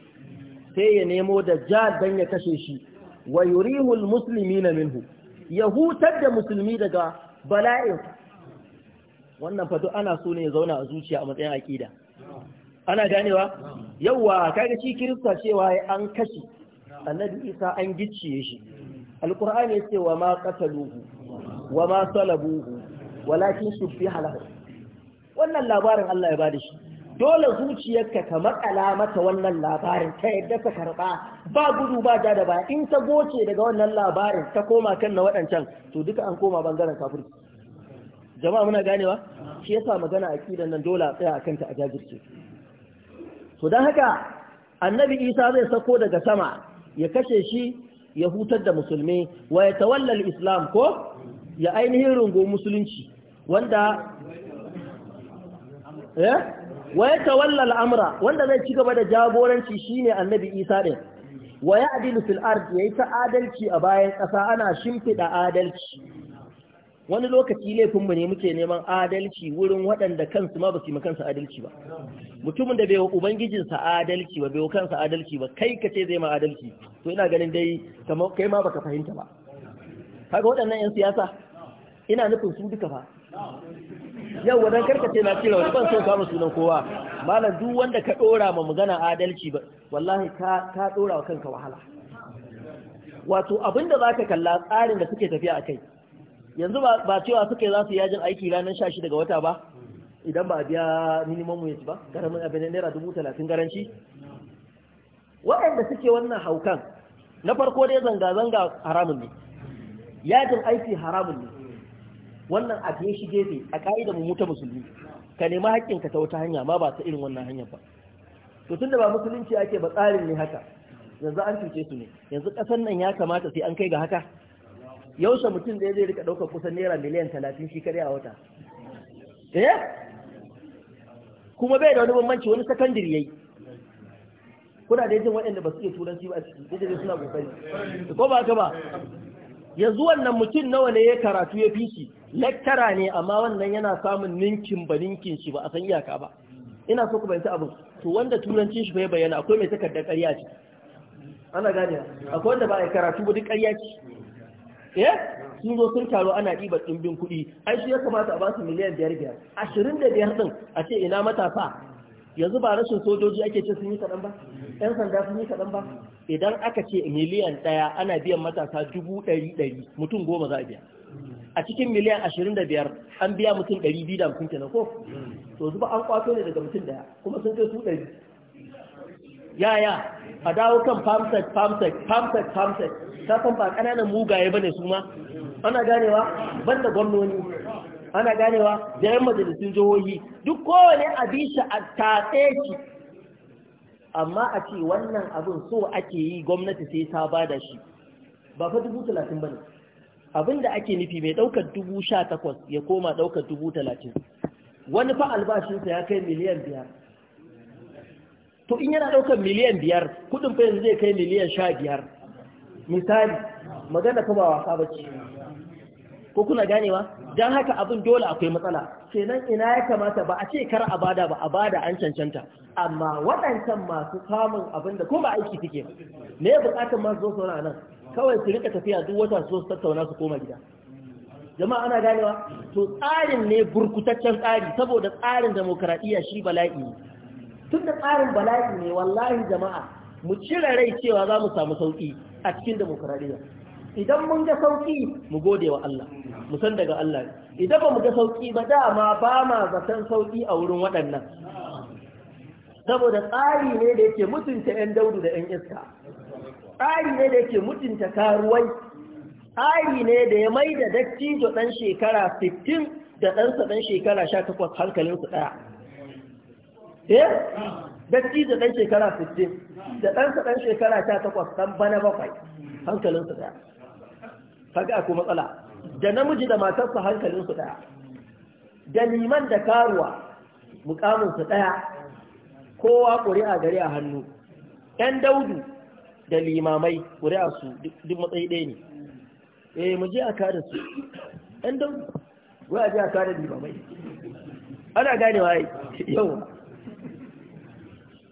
sai ya nemo dajjal dan ya kashe shi wa yurihu al-muslimina minhu ya hutar da musulmi daga bala'in wannan fato ana so ne ya zauna a zuciya a matsayin aƙida ana ganewa yauwa kaga shi kirista cewa ya an kashe annabi isa an gicciye shi alkur'ani ya ce wa ma qataluhu wa ma salabuhu walakin shubbiha lahu wannan labarin Allah ya bada shi dole zuciyarka ka makala mata wannan labarin ta yadda ka karɓa ba gudu ba ja da baya in ta goce daga wannan labarin ta koma kan na waɗancan to duka an koma bangaren kafir jama'a muna ganewa shi yasa magana a kidan nan dole a tsaya a kanta a jajirce to don haka annabi Isa zai sako daga sama ya kashe shi ya hutar da musulmi wa ya tawallal islam ko ya ainihin rungo musulunci wanda eh? wa ya tawalla al'amura wanda zai ci gaba da jagoranci shine annabi isa ɗin wa ya adilu fil ya yi ta adalci a bayan ƙasa ana shimfiɗa adalci wani lokaci laifinmu ne muke neman adalci wurin waɗanda kansu ma ba su yi kansu adalci ba mutumin da bai wa ubangijinsa adalci ba bai wa kansa adalci ba kai ka ce zai ma adalci to ina ganin dai kai ma baka fahimta ba kaga waɗannan 'yan siyasa ina nufin su duka ba yau wadan karkace na kira wani ban so samun sunan kowa malam duk wanda ka dora ma magana adalci ba wallahi ka ka dora wa kanka wahala wato abinda zaka kalla tsarin da suke tafiya akai yanzu ba cewa suke za su yajin aiki ranar 16 daga wata ba idan ba a biya minimum wage ba karamin abin naira dubu talatin garanci waɗanda suke wannan haukan na farko dai zanga-zanga haramun ne yajin aiki haramun ne wannan abu ya shige ne a ka'ida mu ta musulmi ka nemi haƙƙinka ta wata hanya ma ba ta irin wannan hanyar ba to tunda ba musulunci ake ba tsarin ne haka yanzu an cuce su ne yanzu ƙasar nan ya kamata sai an kai ga haka yaushe mutum da zai rika ɗaukar kusan naira miliyan talatin shi kaɗai a wata eh kuma bai da wani bambanci wani sakandiri yayi kuna da jin waɗanda ba su iya turanci ba a ciki suna kokari ko ba haka ba yanzu wannan mutum nawa ne ya karatu ya fi shi lektara ne amma wannan yana samun ninkin ba ninkin shi ba a san iyaka ba ina so ku bayyana abu to wanda turancin shi bai bayyana akwai mai takardar ƙarya ce ana gane akwai wanda ba a karatu ba duk ƙarya ce eh sun zo sun taro ana diba ɗimbin kuɗi ai shi ya kamata a ba su miliyan biyar biyar ashirin da biyar ɗin a ce ina matasa yanzu ba rashin sojoji ake ce sun yi kaɗan ba 'yan sanda sun yi kaɗan ba idan aka ce miliyan ɗaya ana biyan matasa dubu ɗari ɗari mutum goma za a biya a cikin miliyan ashirin da biyar an biya mutum ɗari biyu da mutum kenan ko to zuba an kwato ne daga mutum ɗaya kuma sun kai su ɗari yaya a dawo kan famsec famsec famsec famsec ta san ba ƙananan mugaye ba ne su ma ana ganewa ban da gwamnoni ana ganewa da yan majalisun jihohi duk kowane abin shi a tatse amma a ce wannan abin so ake yi gwamnati sai ta ba da shi ba fa dubu talatin ba ne abin da ake nufi mai ɗaukar dubu sha takwas ya koma ɗaukar dubu talatin wani fa albashinsa ya kai miliyan biyar to in yana ɗaukar miliyan biyar kuɗin fa yanzu zai kai miliyan sha biyar misali magana kuma wasa ba ce ko kuna ganewa don haka abin dole akwai matsala kenan ina ya kamata ba a ce kar a bada ba a bada an cancanta amma waɗancan masu samun abin da kuma aiki suke ba me ya masu zo sauna nan kawai su rika tafiya duk wata su tattauna su koma gida jama'a ana ganewa to tsarin ne burkutaccen tsari saboda tsarin demokradiyya shi bala'i tun da tsarin bala'i ne wallahi jama'a mu cire rai cewa za mu samu sauki a cikin demokradiyya idan mun ga sauki mu gode wa Allah mu san daga Allah idan ba mu ga sauki ba dama ba ma zaton sauki a wurin waɗannan saboda tsari ne da yake mutunta ƴan daudu da ƴan iska tsari ne da yake mutunta karuwai tsari ne da ya mai da dattijo ɗan shekara 15 da ɗansa ɗan shekara 18 hankalinsu ɗaya eh dattijo ɗan shekara 15 da ɗansa ɗan shekara 18 ɗan bana bakwai hankalinsu ɗaya kaga akwai matsala da namiji da matarsa hankalinsu ɗaya da liman da karuwa mukaminsu ɗaya kowa ƙuri'a gari a hannu ‘yan daudu da limamai ƙuri'a su duk matsayi ɗaya ne eh mu je a kada su ‘yan daudu wai a je a kada limamai ana gane ganewa yau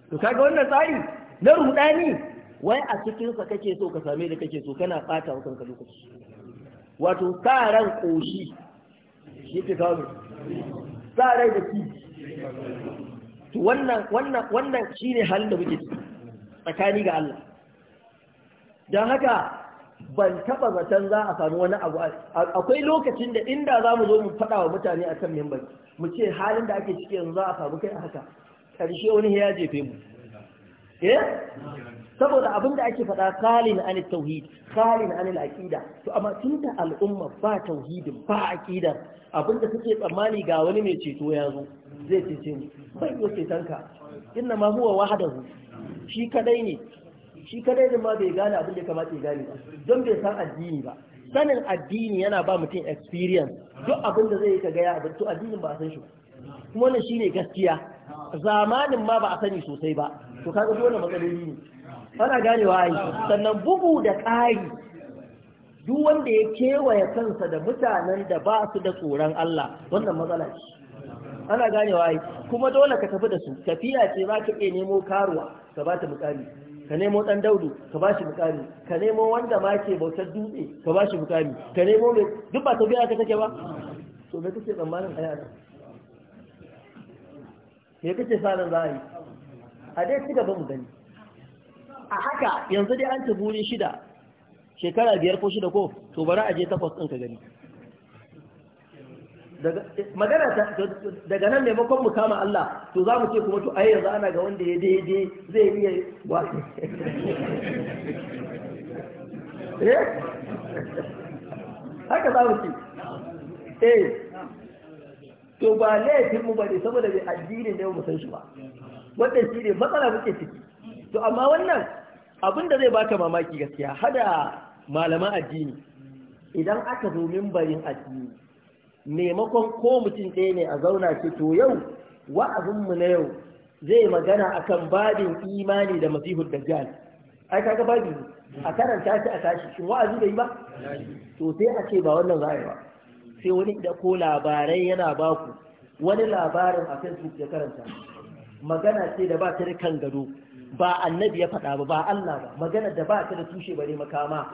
to kaga wannan tsari na rudani wai a cikinsa kake so ka same da kake so kana ɓata wa kanka lokaci wato sa ran ƙoshi shi ke kawo sa rai da ki to wannan wannan wannan shine halin da muke tsakani ga Allah don haka ban taɓa zaton za a samu wani abu akwai lokacin da inda za mu zo mu faɗa wa mutane a kan mimbar mu ce halin da ake ciki yanzu za a samu kai a haka ƙarshe wani ya jefe mu eh saboda abin da ake faɗa khalin an tauhid khalin an al-aqida to amma tunda al'umma ba tauhidin ba aqida abin da suke tsammani ga wani mai ceto ya zo zai cece ni bai yi tanka inna ma huwa wahdahu shi kadai ne shi kadai ne ma bai gane abin da kamata ya gane ba don bai san addini ba sanin addini yana ba mutum experience duk abin da zai yi ka gaya abin to addinin ba a san shi kuma wannan shine gaskiya zamanin ma ba a sani sosai ba to kaga dole matsaloli ne ana wa yi sannan bugu da ƙari duk wanda ya kewaye kansa da mutanen da ba su da tsoron Allah wannan matsala ce ana wa yi kuma dole ka tafi da su fiya ce ba ka ke nemo karuwa ka ba ta mukami ka nemo ɗan daudu ka ba shi mukami ka nemo wanda ma ke bautar dutse ka ba shi mukami ka nemo mai duk ba tafiya ka take ba to me kake tsammanin yana? me kake sa nan za a yi a dai ci gaba mu gani a haka yanzu dai an tafi shida shekara biyar ko shida ko to bari a je takwas ɗin ka gani magana daga nan maimakon mu kama Allah to za mu ce kuma to ai yanzu ana ga wanda ya daidai zai iya wasu eh haka za mu ce eh to ba laifin mu ne saboda bai addini ne mu san shi ba Wanda shi ne matsala muke ciki to amma wannan abin da zai baka mamaki gaskiya hada malaman addini idan aka zo mimbarin addini maimakon ko mutum ɗaya ne a zauna ce to yau mu na yau zai magana akan babin imani da masihud dajjal ai kaga babi a karanta shi a tashi shin wa'azi bai ba to sai a ce ba wannan za yi ba sai wani da ko labarai yana baku wani labarin a su ya karanta magana ce da ba ta da kan gado ba annabi ya faɗa ba ba Allah ba magana da ba ta da tushe bare makama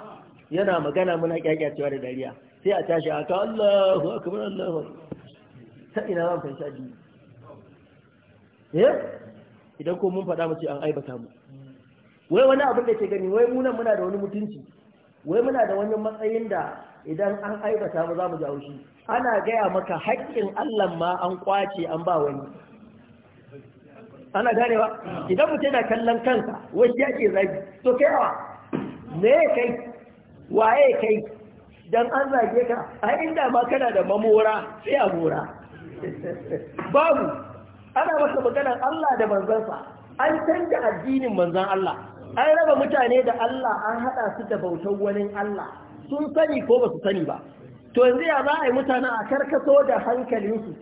yana magana muna cewa da dariya sai a tashi a ka Allahu akbar Allahu ta ina zan fahimci addini eh idan ko mun faɗa mu ce an aibata mu wai wani abin da ke gani wai mu nan muna da wani mutunci wai muna da wani matsayin da idan an aibata mu za mu ji haushi ana gaya maka haƙƙin Allah ma an kwace an ba wani ana ganewa idan mutum yana kallon kansa wasu ya ke zagi to kai awa me kai waye kai don an zage ka a inda ma kana da mamora sai a mora babu ana masa maganar Allah da manzansa an canza addinin manzan Allah an raba mutane da Allah an haɗa su da bautar wani Allah sun sani ko ba su sani ba to yanzu ya za a yi mutane a karkaso da hankalinsu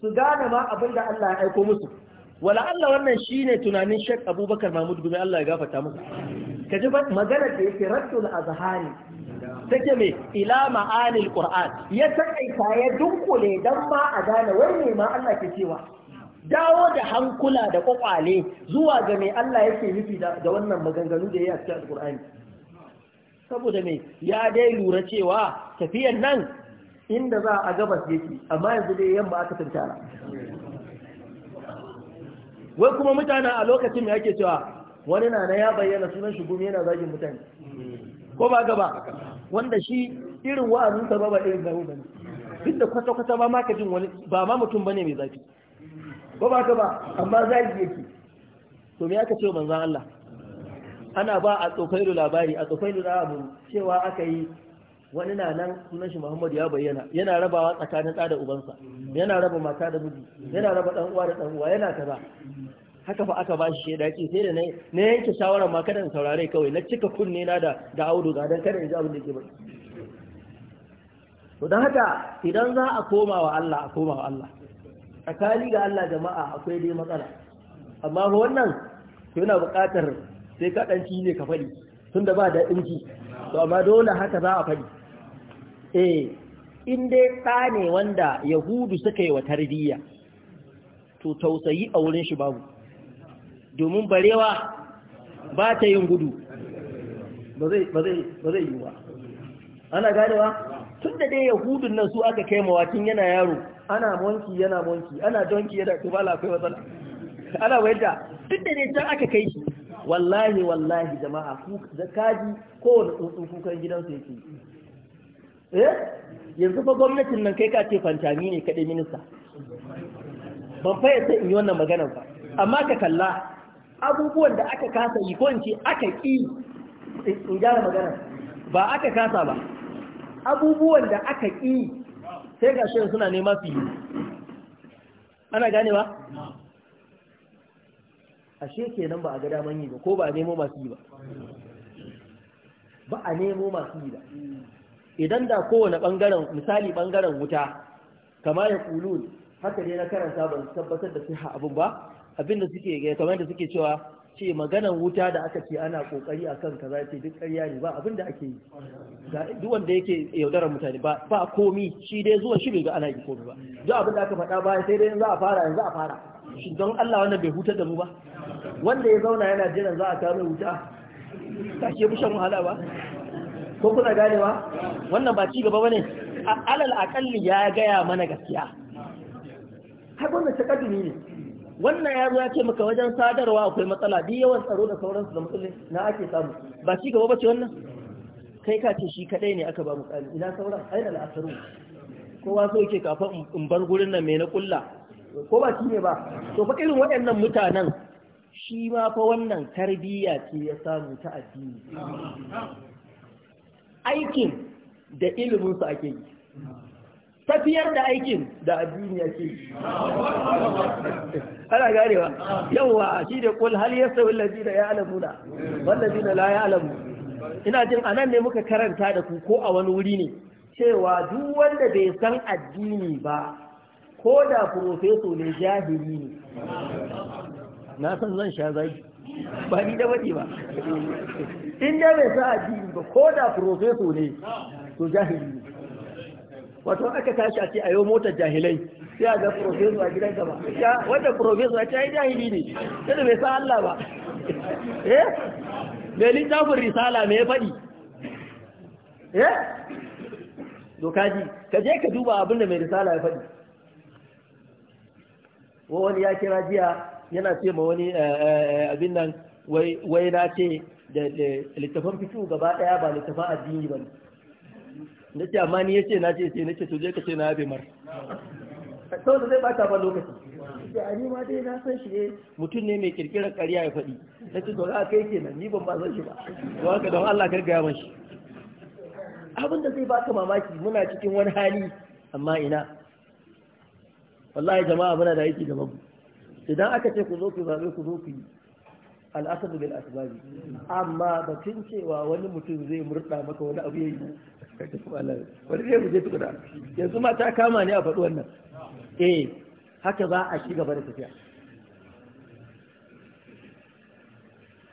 su gane ma abin da Allah ya aiko musu wala Allah wannan shine tunanin Sheikh Abubakar Mahmud Gumi Allah ya gafarta muku kaji magana da yake rattul azhari take me ila ma'ani qur'an ya takaita ya dunkule dan ma a gane wanne ma Allah ke cewa dawo da hankula da kwakwale zuwa ga me Allah yake nufi da wannan maganganu da ya a cikin alqur'ani saboda me ya dai lura cewa tafiyan nan inda za a gabas yake amma yanzu dai yamma aka tantara wai kuma mutane a lokacin mai ake cewa wani na na ya bayyana sunan shi gumi yana zagin mutane ko ba gaba wanda shi irin wa'azinsa ba ba irin zaru ba ne duk da kwata-kwata ba ma jin wani ba ma mutum bane mai zafi ko ba ka ba amma zagi yake to me aka ce manzon Allah ana ba a da labari a tsofai da abu cewa aka yi wani na nan sunan shi Muhammadu ya bayyana yana rabawa tsakanin da ubansa yana raba mata da miji yana raba dan uwa da dan uwa yana kaza haka fa aka bashi sheda ce sai da nayi na yanke shawara ma kada in saurare kawai na cika kunne na da da audu ga dan kada in ji abin da yake ba to dan haka idan za a koma wa Allah a koma wa Allah tsakani ga Allah jama'a akwai dai matsala amma fa wannan to yana buƙatar sai ka dan ne ka faɗi tunda ba da inji to amma dole haka za a faɗi eh in dai ɗa ne wanda yahudu suka yi wa tarbiyya to tausayi a wurin shi babu domin barewa ba ta yin gudu ba zai yi ba ana ganewa tun da dai yahudun nan su aka kai mawakin yana yaro ana monki yana monki ana donki yana Bala akwai matsala ana wayanta tun da dai can aka kai shi wallahi wallahi jama'a kaji kowane tsuntsun kukan gidansu yake eh yanzu fa gwamnatin nan kai ka ce fantami ne kaɗai minista ban faya sai in yi wannan maganar ba amma ka kalla abubuwan da aka kasa yi ko ce aka ƙi in gyara magana ba aka kasa ba abubuwan da aka ƙi sai ga shi suna nema su yi ana gane ba ashe kenan ba a ga daman yi ba ko ba a nemo masu yi ba ba a nemo masu yi ba idan da kowane bangaren misali bangaren wuta kama ya kulu haka ne na karanta ban tabbatar da siha abin ba abinda suke kamar da suke cewa ce maganan wuta da aka ce ana kokari akan kaza ce duk ƙarya ne ba abin da ake yi Ga duk wanda yake yaudarar mutane ba ba komi shi dai zuwa shi bai ga ana yi komi ba duk abin da aka faɗa baya sai dai yanzu a fara yanzu a fara shi don Allah wannan bai hutar da mu ba wanda ya zauna yana jiran za a kawo wuta ka ke bushan wahala ba ko kuna ganewa wannan ba ci gaba bane alal akalli ya gaya mana gaskiya har wannan takaddumi ne wannan ya zo ya ce maka wajen sadarwa akwai matsala bi yawan tsaro da sauransu da matsalin na ake samu ba ci gaba bace wannan kai ka ce shi kadai ne aka ba mu tsani ina sauran aina al'asaru kowa so yake kafin in bar gurin nan mai na kulla ko ba shi ne ba to fa irin waɗannan mutanen shi ma fa wannan tarbiyya ce ya samu ta addini aikin da iliminsu ake yi tafiyar da aikin da addini ake yi ana ba yawwa shi da kul hal yasawi na ya'lamuna wallazina la ya'lamu ina jin anan ne muka karanta da ku ko a wani wuri ne cewa duk wanda bai san addini ba ko da profeso ne jahili ne na san zan sha zai ba ni da wadi ba in dai bai sa addini ba ko da profeso ne to jahili ne wato aka tashi a ce a yau motar jahilai sai a ga profeso a gidan gaba wanda profeso ya ce ai jahili ne sai bai sa Allah ba eh mai littafin risala me ya faɗi eh ji ka je ka duba abin da mai risala ya faɗi wani ya kira jiya yana ce ma wani eh, eh, eh, abin nan wai na ce da littafan fitu gaba daya ba littafan addini ba ne. na ce amma ni ya ce na ce sai na ce to je ka ce na abe mar sau da zai bata ba lokaci ya ani ma dai na san shi ne mutum ne mai kirkirar ƙarya ya faɗi na ce to za kai kenan ni ban ba zan shi ba don haka don Allah gargaya man shi abin da zai baka mamaki muna cikin wani hali amma ina wallahi jama'a muna da yake gaban mabu idan aka ce ku zo ku zabe ku zo ku yi al'asadu bil asbabi amma batun cewa wani mutum zai murda maka wani abu yayi wani zai muje tukuda yanzu ma ta kama ne a faɗi wannan eh haka za a shiga bare tafiya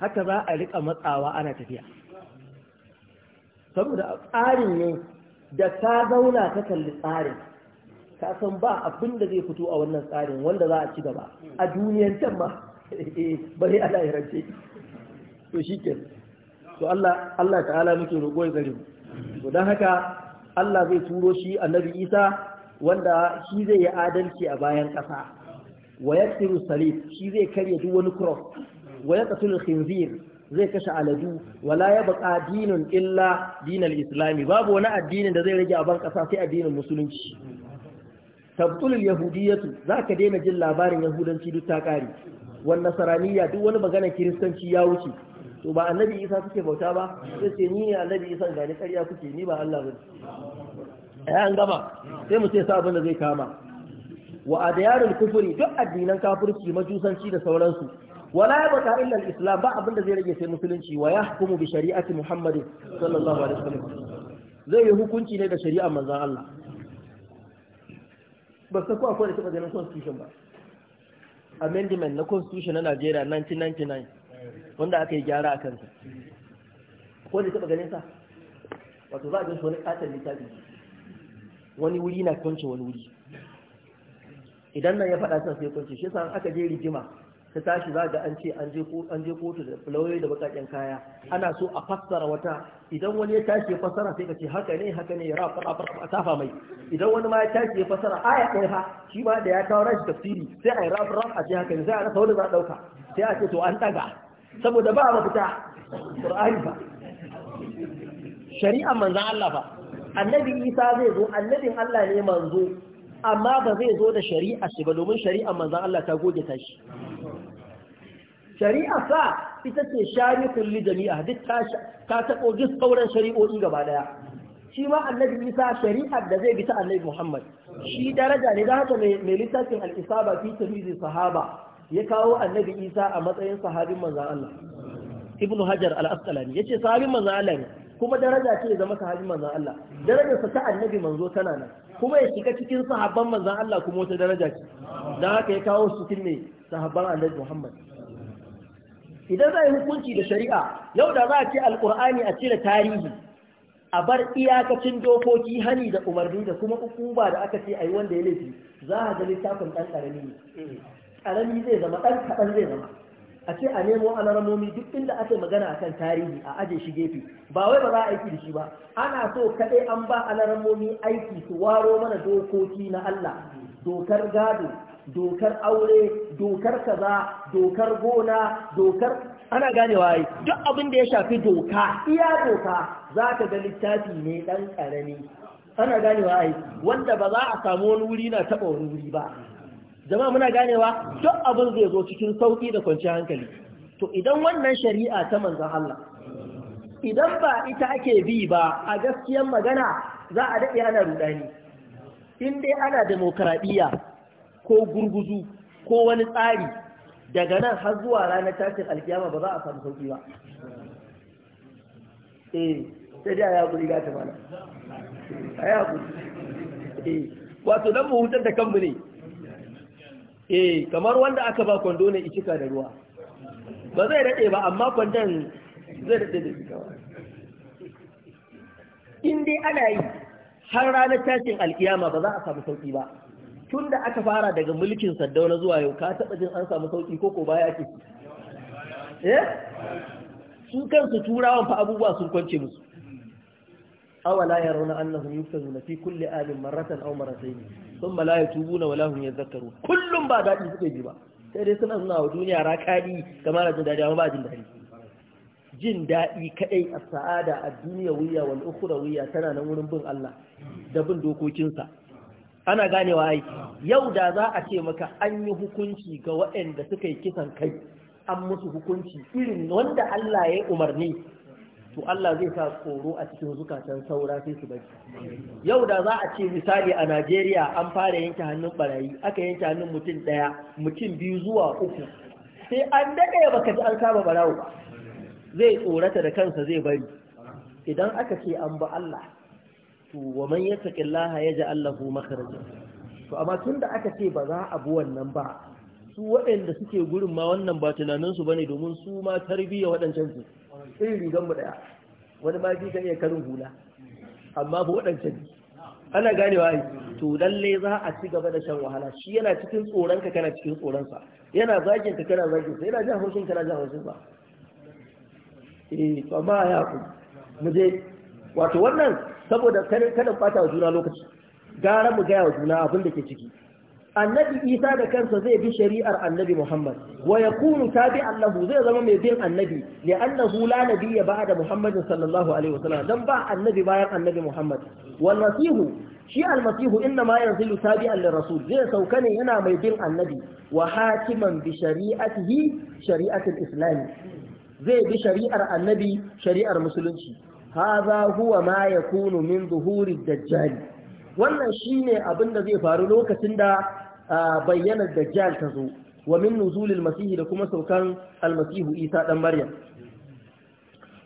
haka za a rika matsawa ana tafiya saboda tsarin ne da ta zauna ta kalli tsarin ka san ba abin da zai fito a wannan tsarin wanda za a ci gaba a duniyan can ma Eh, bari rance. to shi to Allah ta'ala muke roƙo ya gare mu to haka Allah zai turo shi annabi Isa wanda shi zai yi adalci a bayan ƙasa wa yaktiru Salif shi zai karya duk wani kuro wa yaqtul khinzir zai kashe aladu wala ya baka dinin illa dinal islami babu wani addinin da zai rage a ban ƙasa sai addinin musulunci tabtul yahudiyatu zaka daina jin labarin yahudanci duk ta kare wan nasaraniya duk wani magana kiristanci ya wuce to ba annabi isa kuke bauta ba sai ce ni ne annabi isa ga ni karya kuke ni ba Allah ba ai an gama sai mu ce sa abin da zai kama wa adiyarul kufuri duk addinan kafirci majusanci da sauransu wala ya bata illa al-islam ba abin da zai rage sai musulunci wa yahkumu bi shari'ati muhammadin sallallahu alaihi wasallam zai yi hukunci ne da shari'a manzon Allah ba sai ko akwai da taba ganin constitution ba amendment na constitution na Najeriya 1999 wanda aka yi gyara a kansa ko da taɓa ganin sa wato za a gansu wani katon littafi wani wuri na kunce wani wuri idan nan ya faɗa can sai kunce shi san aka je rigima Ka tashi za ga an ce an je kotu da lauyoyi da bakaken kaya ana so a fassara wata idan wani ya tashi ya fassara sai ka ce haka ne haka ne ya rafa tafa mai idan wani ma ya tashi ya fassara aya ɗaya fa shi ma da ya kawo rashin tafsiri sai a yi rafa rafa a ce haka ne sai a rasa wani za a ɗauka sai a ce to an ɗaga saboda ba a mafita ƙur'ani ba Shari'a manzan Allah ba annabi Isa zai zo annabin Allah ne manzo amma ba zai zo da shari'a shi ba domin shari'a manzan Allah ta goge ta shi shari'a sa ita ce sharikun kulli jami'a duk ta taɓo duk sauran shari'o'i gaba ɗaya shi ma annabi isa shari'ar da zai bi ta annabi muhammad shi daraja ne da haka mai littafin al'isaba fi tafizin sahaba ya kawo annabi isa a matsayin sahabin manzan allah ibnu hajar al-asqalani yace sahabin manzan allah ne kuma daraja ce ya zama sahabin manzan allah darajarsa ta annabi manzo tana nan kuma ya shiga cikin sahabban manzan allah kuma wata daraja ce don haka ya kawo su cikin mai sahabban annabi muhammad idan za a yi hukunci da shari'a yau da za a ce alkur'ani a cire tarihi a bar iyakacin dokoki hani da umarni da kuma ukuba da aka ce a yi wanda ya laifi za a ga littafin ɗan ƙarami ne ƙarami zai zama ɗan kaɗan zai zama a ce a nemo alarmomi duk inda aka magana a kan tarihi a aje shi gefe ba wai ba za a aiki da shi ba ana so kaɗai an ba alarmomi aiki su waro mana dokoki na Allah dokar gado dokar aure dokar kaza dokar gona dokar ana ganewa yi duk abin da ya shafi doka iya doka za ka ga littafi ne dan karami ana ganewa yi wanda ba za a samu wani wuri na taba wani wuri ba jama'a muna ganewa duk abin zai zo cikin sauki da kwanciyar hankali to idan wannan shari'a ta manzon Allah idan ba ita ake bi ba a gaskiyar magana za a daɗe ana rudani in dai ana demokaradiyya ko gurguzu ko wani tsari daga nan har zuwa ranar tashin alkiyama ba za a samu sauki ba eh sai dai ya guri gata mana a ya guri eh, wato don mu hutar da kanmu ne eh kamar wanda aka ba kwando ne icika da ruwa ba zai daɗe ba amma kwandon zai daɗe da shi kawai in dai ana yi har ranar tashin alkiyama ba za a samu sauki ba tun da aka fara daga mulkin na zuwa yau ka taɓa jin an samu sauƙi ko ko baya ke eh su kansu turawan fa abubuwa sun kwance musu awala rauna annahum na fi kulli amin marratan aw marratayn thumma la yatubuna wala hum Zakaru. kullum ba daɗi suke ji ba sai dai suna nuna wa duniya rakadi kamar da jin daɗi amma ba jin daɗi jin daɗi kaɗai a sa'ada a duniya wuya wal ukhra wuya tana nan wurin bin Allah da bin dokokinsa ana ganewa ai yau da za a ce maka an yi hukunci ga waɗanda suka yi kisan kai an musu hukunci irin wanda Allah ya umarni to Allah zai sa tsoro a cikin zukatan saura sai su bari yau da za a ce misali a Najeriya an fara yanke hannun barayi aka yanke hannun mutum ɗaya mutum biyu zuwa uku sai an daɗe baka ji an kama barawo zai tsorata da kansa zai bari idan aka ce an ba Allah to wa man yattaqillaha yaj'al lahu makhraja to amma tunda aka ce ba za a bu wannan ba su waɗanda suke gurin ma wannan ba tunanin su bane domin su ma tarbiyya waɗancan su irin rigan mu daya wani ma ji kan iya karin hula amma ba waɗancan ne ana ganewa ai to lalle za a ci gaba da shan wahala shi yana cikin tsoron ka kana cikin tsoron sa yana zagin ka kana zagin sa yana jin haushin kana jin haushin sa eh to amma ya ku mu je wato wannan saboda kada bata wa juna lokaci gara mu gaya wa juna abin da ke ciki annabi isa da kansa zai bi shari'ar annabi muhammad wa yakunu tabi'an lahu zai zama mai bin annabi li annahu la nabiyya ba'da muhammadin sallallahu alaihi wasallam dan ba annabi bayan annabi muhammad wal masihu shi almasihu inna ma yanzilu tabi'an lir rasul zai sauka ne yana mai bin annabi wa hakiman bi shari'atihi shari'atul islam zai bi shari'ar annabi shari'ar musulunci haza huwa ma kunu min zuhuri dajjal wannan shine abin da zai faru lokacin da bayyanar dajjal ta zo wa min nuzulil masihi da kuma saukan almasihu isa dan maryam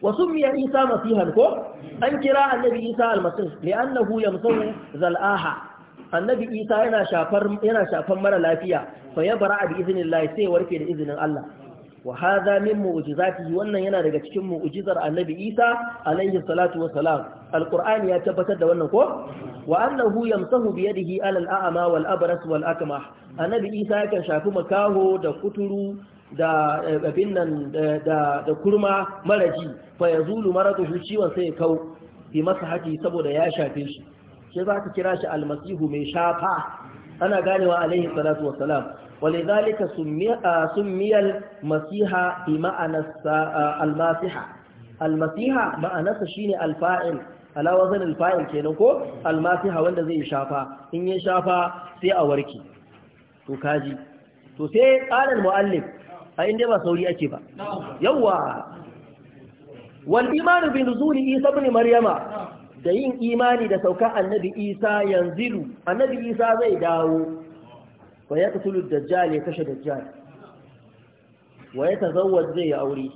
wa sumiya isa masihan ko an kira annabi isa almasih li'annahu yamsahu zal'aha annabi isa yana shafar yana shafan mara lafiya fa yabra bi idnillah sai warke da izinin Allah wa hadha min wannan yana daga cikin mu'jizar annabi Isa alaihi salatu wa salam alqur'ani ya tabbatar da wannan ko wa annahu yamsahu bi yadihi alal a'ma wal abras wal akmah annabi Isa yakan shafi makaho da kuturu da eh, abin nan da kurma maraji fa yazulu maratuhu ciwon sai ya kau bi masahati saboda ya shafe shi sai za ka kira shi almasihu mai shafa ana ganewa alaihi salatu wassalam ولذلك سمي Masiha, بمعنى المسيح المسيح معنى شين الفاعل على وزن الفاعل kenan ko almasiha wanda zai shafa in ya shafa sai a warke to kaji to sai qalan muallif a inda ba sauri ake ba yawa wal iman bi nuzuli isa ibn maryama da yin imani da sauka annabi isa yanzilu annabi isa zai dawo wa ya katulu dajjal ya kashe dajjal wa ya tazawwaj zai yi aure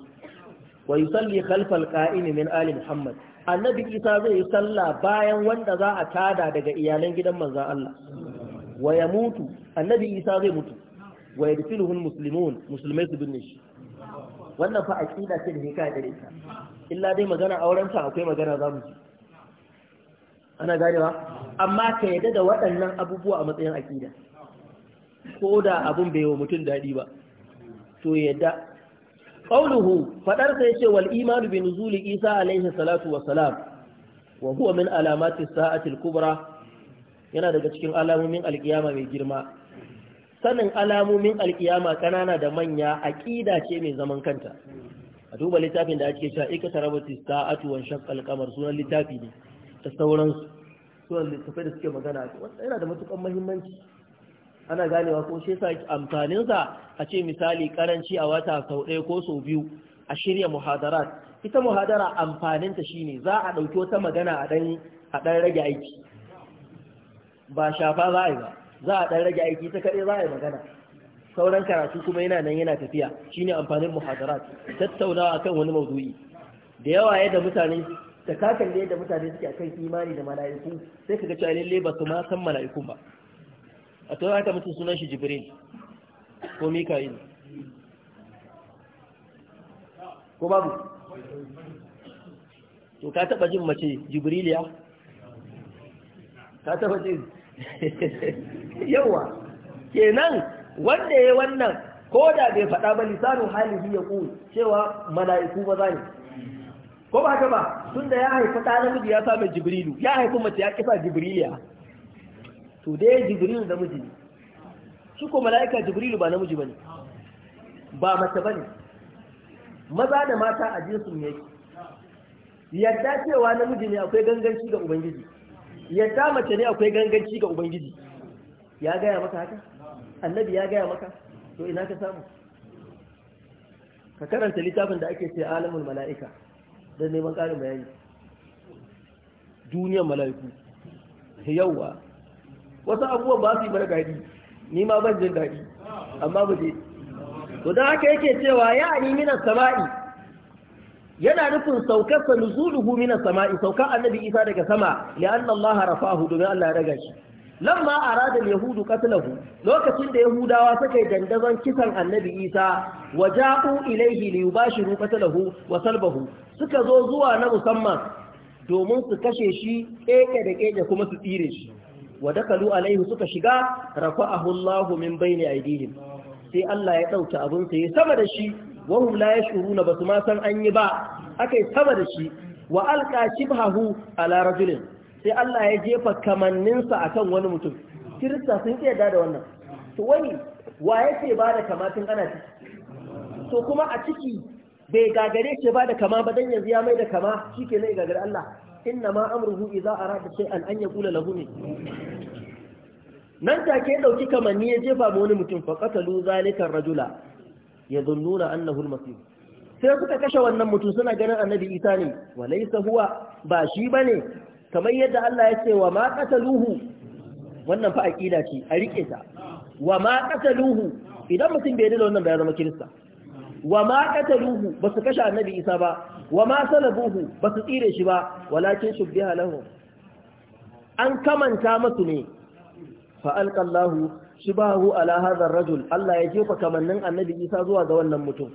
wa yusalli khalfal qa'im min ali muhammad annabi isa zai yi sallah bayan wanda za a tada daga iyalan gidan manzon Allah wa ya mutu annabi isa zai mutu wa yadfiluhu muslimun musulmai su binne shi wannan fa aqida ce da hikaya da ita illa dai auren ta akwai amma ka yadda da waɗannan abubuwa a matsayin aqida ko da abin bai wa mutum daɗi ba to yadda ƙauluhu faɗarsa ya ce wal imanu bin zuli isa alaihi salatu salam wa huwa min alamati sa'atil kubra yana daga cikin alamomin alkiyama mai girma sanin alamomin alkiyama ƙanana da manya aƙida ce mai zaman kanta a duba littafin da ake cewa ika tarabati sa'atu wan shaqqal qamar sunan littafi ne da sauransu sunan littafai da suke magana yana da matukan muhimmanci ana ganewa ko shi amfanin sa a ce misali karanci a wata sau ɗaya ko sau biyu a shirya muhadarat ita muhadara amfaninta shine za a ɗauki wata magana a ɗan a ɗan rage aiki ba shafa za a yi ba za a ɗan rage aiki ta kaɗai za a yi magana sauran karatu kuma yana nan yana tafiya shine amfanin muhadarat tattaunawa kan wani maudu'i da yawa yadda mutane da kakan da yadda mutane suke akan imani da mala'iku sai kaga cewa lalle ba su ma san mala'iku ba a to haka mutum sunan shi jibril ko mika'il ko babu to ka taba jin mace jibriliya ka taba jin yawa kenan wanda ya wannan ko da bai faɗa ba lisanu halihi ya ƙun cewa mala'iku za ne ko ba haka ba tun da ya haifi ɗa namiji ya sami jibrilu ya haifi mace ya kisa jibriliya to dai jibril namiji ne shi ko mala'ika jibril ba namiji bane ba mace bane maza da mata a jinsin yake yadda cewa namiji ne akwai ganganci ga ubangiji yadda mace ne akwai ganganci ga ubangiji ya gaya maka haka annabi ya gaya maka to ina ka samu ka karanta littafin da ake ce alamul mala'ika don neman ƙarin bayani duniyar mala'iku yauwa wasu abubuwan ba su yi mana daɗi ni ma ban jin daɗi amma ba je to don haka yake cewa ya ni mina sama'i yana nufin saukar sa nuzuluhu mina sama'i saukar annabi isa daga sama li'anna Allah rafahu domin Allah ya daga shi lamma arada yahudu qatlahu lokacin da yahudawa suka yi dandazon kisan annabi isa wa ja'u ilayhi yubashiru qatlahu wa salbahu suka zo zuwa na musamman domin su kashe shi keke da keke kuma su tsire shi wa dakalu alaihi suka shiga rafa'ahu Allahu min bayni aydihim sai Allah ya ɗauta abun sa ya sama da shi wa hum la yashuruna basu ma san an yi ba akai sama da shi wa alqa shibhahu ala rajulin sai Allah ya jefa kamanninsa akan wani mutum kirista sun iya da wannan to wani wa yake ba da kamatin ana ciki to kuma a ciki bai gagare ce ba da kama ba dan yanzu ya mai da kama ke ya gagare Allah inna ma amruhu idza arada shay'an an yaqula lahu ne nan take ya dauki kamanni ya jefa ma wani mutum fa qatalu zalika rajula yadhunnuna annahu al-masih sai suka kashe wannan mutum suna ganin annabi isa ne walaysa huwa ba shi bane kamar yadda Allah ya ce wa ma qataluhu wannan fa aqida ce a rike ta wa ma qataluhu idan mutum bai da wannan ba ya zama kirista wa ma qataluhu ba su kashe annabi isa ba wa ma salabuhu ba su tsire shi ba walakin shubbiha lahu an kamanta masu ne fa alqallahu shibahu ala hadha rajul Allah ya jefa kamannin annabi Isa zuwa ga wannan mutum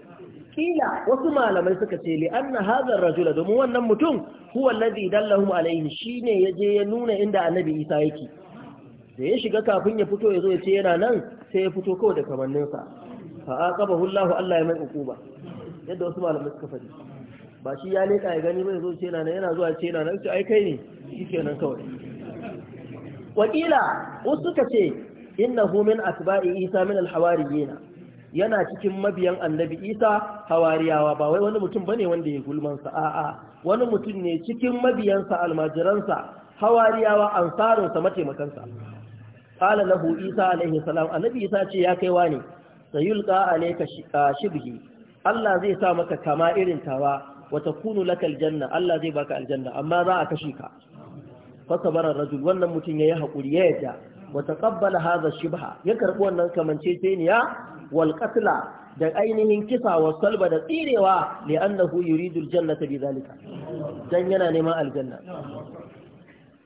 kila wasu malamai suka ce li anna hadha rajula domin wannan mutum huwa alladhi dallahum alayhi shine yaje ya nuna inda annabi Isa yake da ya shiga kafin ya fito ya zo ya ce yana nan sai ya fito kawai da kamanninsa fa aqabahu Allah Allah ya mai ukuba yadda wasu malamai suka faɗi ba shi ya leƙa ya gani mai zo ce na yana zuwa ce na nan ai kai ne shi nan kawai wakila wasu suka ce innahu min asba'i isa min yana cikin mabiyan annabi isa hawariyawa ba wai wani mutum bane wanda ya gulman sa a'a wani mutum ne cikin mabiyansa almajiransa hawariyawa ansarinsa mataimakansa qala lahu isa alaihi salam annabi isa ce ya kai wani sayulqa alayka ah, shibhi Allah zai sa maka kama irin tawa Wata takunu lakal janna Allah zai baka aljanna amma za a kashe ka fa sabara rajul wannan mutum yayi hakuri ya yadda wa taqabbala haza shibha ya karbi wannan kamanceceniya wal qatla da ainihin kisa wa salba da tsirewa li annahu yuridu aljannata ta zalika dan yana neman aljanna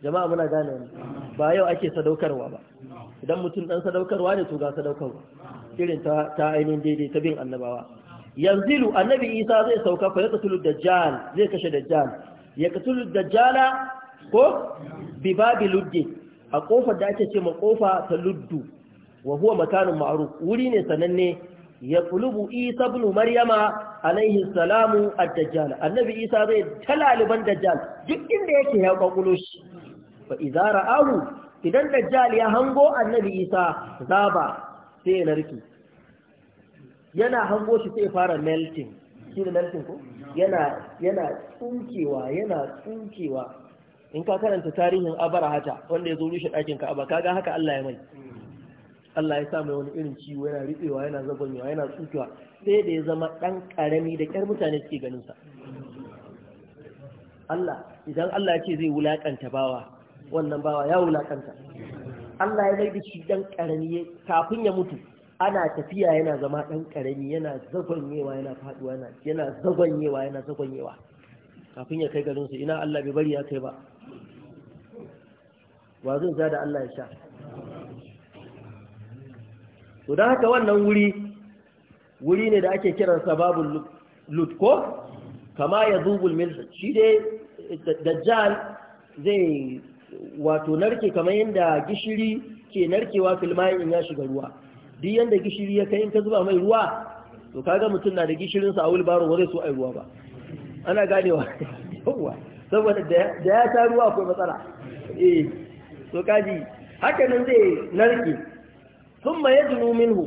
jama'a muna gane ba yau ake sadaukarwa ba idan mutum dan sadaukarwa ne to ga sadaukarwa irin ta ta ainihin daidai ta bin annabawa yanzilu annabi isa zai sauka fa ya katulu dajjal zai kashe dajjal ya katulu dajjala ko bi luddi a kofar da ake ce ma kofa ta luddu wa huwa makanun ma'ruf wuri ne sananne ya kulubu isa ibn maryama alaihi salamu ad-dajjal annabi isa zai talaliban dajjal duk inda yake ya kwakulo shi fa idza ra'ahu idan dajjal ya hango annabi isa zaba sai ya narki yana hango shi sai fara melting shi da melting ko yana yana tsunkewa yana tsunkewa in ka karanta tarihin abarahata wanda ya zo rushe ɗakin ba kaga haka Allah ya mai Allah ya sa mai wani irin ciwo yana riɓewa yana zagonewa yana tsukewa sai da ya zama ɗan ƙarami da ƙyar mutane suke ganin sa Allah idan Allah ya ce zai wulaƙanta bawa wannan bawa ya wulaƙanta Allah ya rage da shi ɗan ƙarami kafin ya mutu ana tafiya yana zama ɗan ƙarami yana zagonyewa yana faɗuwa yana zagonyewa yana zagonyewa kafin ya kai garinsu ina Allah bai bari ya kai ba wa zai za da Allah ya sha to da haka wannan wuri wuri ne da ake kiransa babu lut ko kama ya zubul milsa shi dai dajjal zai wato narke kamar yadda gishiri ke narkewa filmayin in ya shiga ruwa duk yanda gishiri ya kai in ka zuba mai ruwa to kaga mutum na da gishirin sa a wilbaro ba zai so ai ruwa ba ana ganewa yawa saboda da ya ta ruwa akwai matsala eh to kaji haka nan zai narke thumma yadnu minhu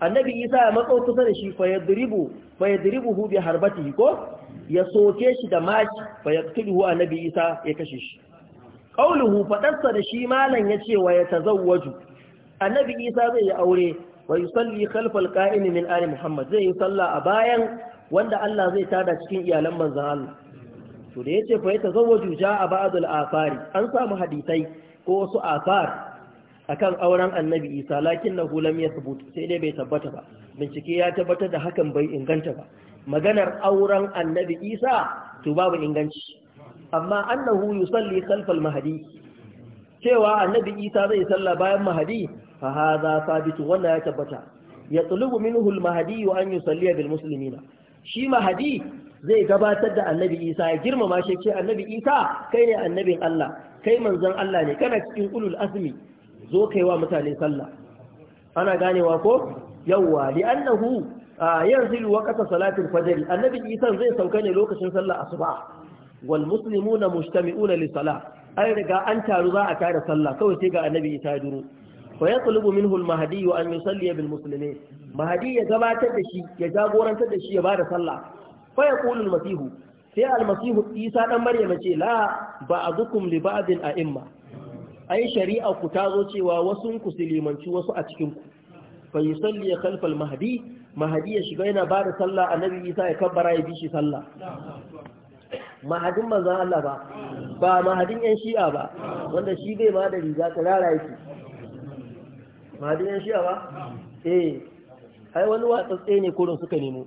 annabi isa ya matso kusa da shi fa yadribu fa hu bi harbatihi ko ya soke shi da mashi fa yaqtuluhu annabi isa ya kashe shi qauluhu fadarsa da shi malan yace wa tazawwaju annabi isa zai yi aure wa yusalli khalfal qa'im min ali muhammad zai yi sallah a bayan wanda Allah zai tada cikin iyalan manzon Allah to da ce fa ya tazawwaju ja'a a al-afari an samu hadisai ko wasu afar akan auren annabi isa lakinnahu lam yathbut sai dai bai tabbata ba bincike ya tabbatar da hakan bai inganta ba maganar auren annabi isa to babu inganci amma annahu yusalli khalfal mahdi cewa annabi isa zai salla bayan mahdi fa hadha thabit wannan ya tabbata yatlubu minhu al-mahdi an yusalli bil muslimina shi Mahadi zai gabatar da annabi Isa ya girmama shi ce annabi Isa kai ne annabin Allah kai manzon Allah ne kana cikin ulul azmi zo kai wa mutane sallah ana ganewa ko yawwa li'annahu yanzilu kasa salatin fajr annabi Isa zai sauka ne lokacin sallah asuba wal muslimuna mujtami'una li salah ai daga an taru za a tare sallah kawai sai ga annabi Isa ya duro fa yatlubu minhu al-mahdi an yusalli bil muslimin mahdi ya gabatar da shi ya jagorantar da shi ya bada sallah fa yaqulu al-masihu sai al-masihu Isa dan Maryam ce la ba'dukum li ba'din a'imma ai shari'a ku ta zo cewa wasu ku silimanci wasu a cikin ku fa yusalli ya al-mahdi mahdi ya shiga yana bada sallah annabi Isa ya kabbara ya bi shi sallah mahadin manzan Allah ba ba mahadin yan shi'a ba wanda shi bai ma da riga ta rarayi mahadin shi shiya ba eh ai wani watsatse ne kurin suka nemo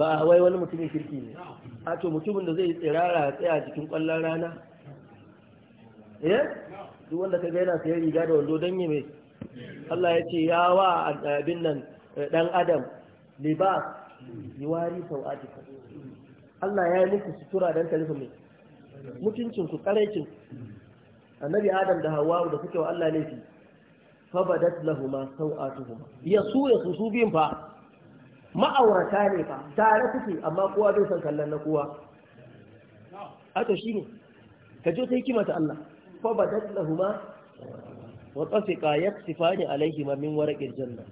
ba wai wani mutumin kirki ne a to mutumin da zai tsirara tsaya cikin kwallon rana eh duk wanda ka ga yana sayar riga da wando don yi mai Allah ya ce ya wa abin nan dan adam libas yiwari sau'atika Allah ya yi muku sutura don tarifa mai mutuncin ku karaicin annabi adam da hawa da suke wa Allah laifi fabadat lahuma sau'atuhuma ya su ya su su biyun fa ma'aurata ne fa tare suke amma kowa bai san kallon na kowa shi ne. ka je ta hikima ta Allah fabadat lahuma wa tafiqa yaksifani alaihima min warqil janna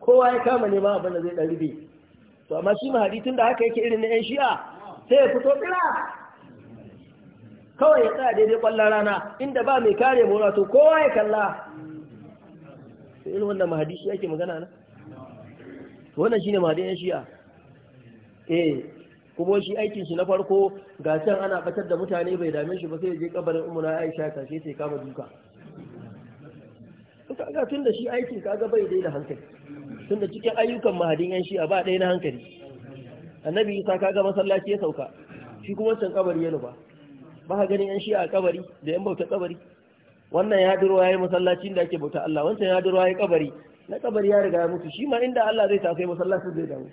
kowa ya kama ne ma abin da zai ɗari rube to amma shi ma tun da haka yake irin na yan shi'a sai ya fito tsira kawai ya tsaya daidai kwallon rana inda ba mai kare mura to kowa ya kalla to irin wannan mahadi shi ake magana na to wannan shine mahadin shi'a eh kuma shi aikin shi na farko ga can ana batar da mutane bai dame shi ba sai je kabarin umuna Aisha ta sai sai kama duka kaga tunda shi aikin kaga bai dai da hankali Tunda cikin ayyukan mahadin yan shi'a ba dai na hankali annabi isa kaga masallaci ya sauka shi kuma can kabari ya nufa ba ka ganin yan shi'a kabari da yan bauta kabari wannan ya duro yayi masallacin da ake bauta Allah wancan ya duro yayi kabari na kabari ya riga ya mutu shi ma inda Allah zai tasai masallacin zai dawo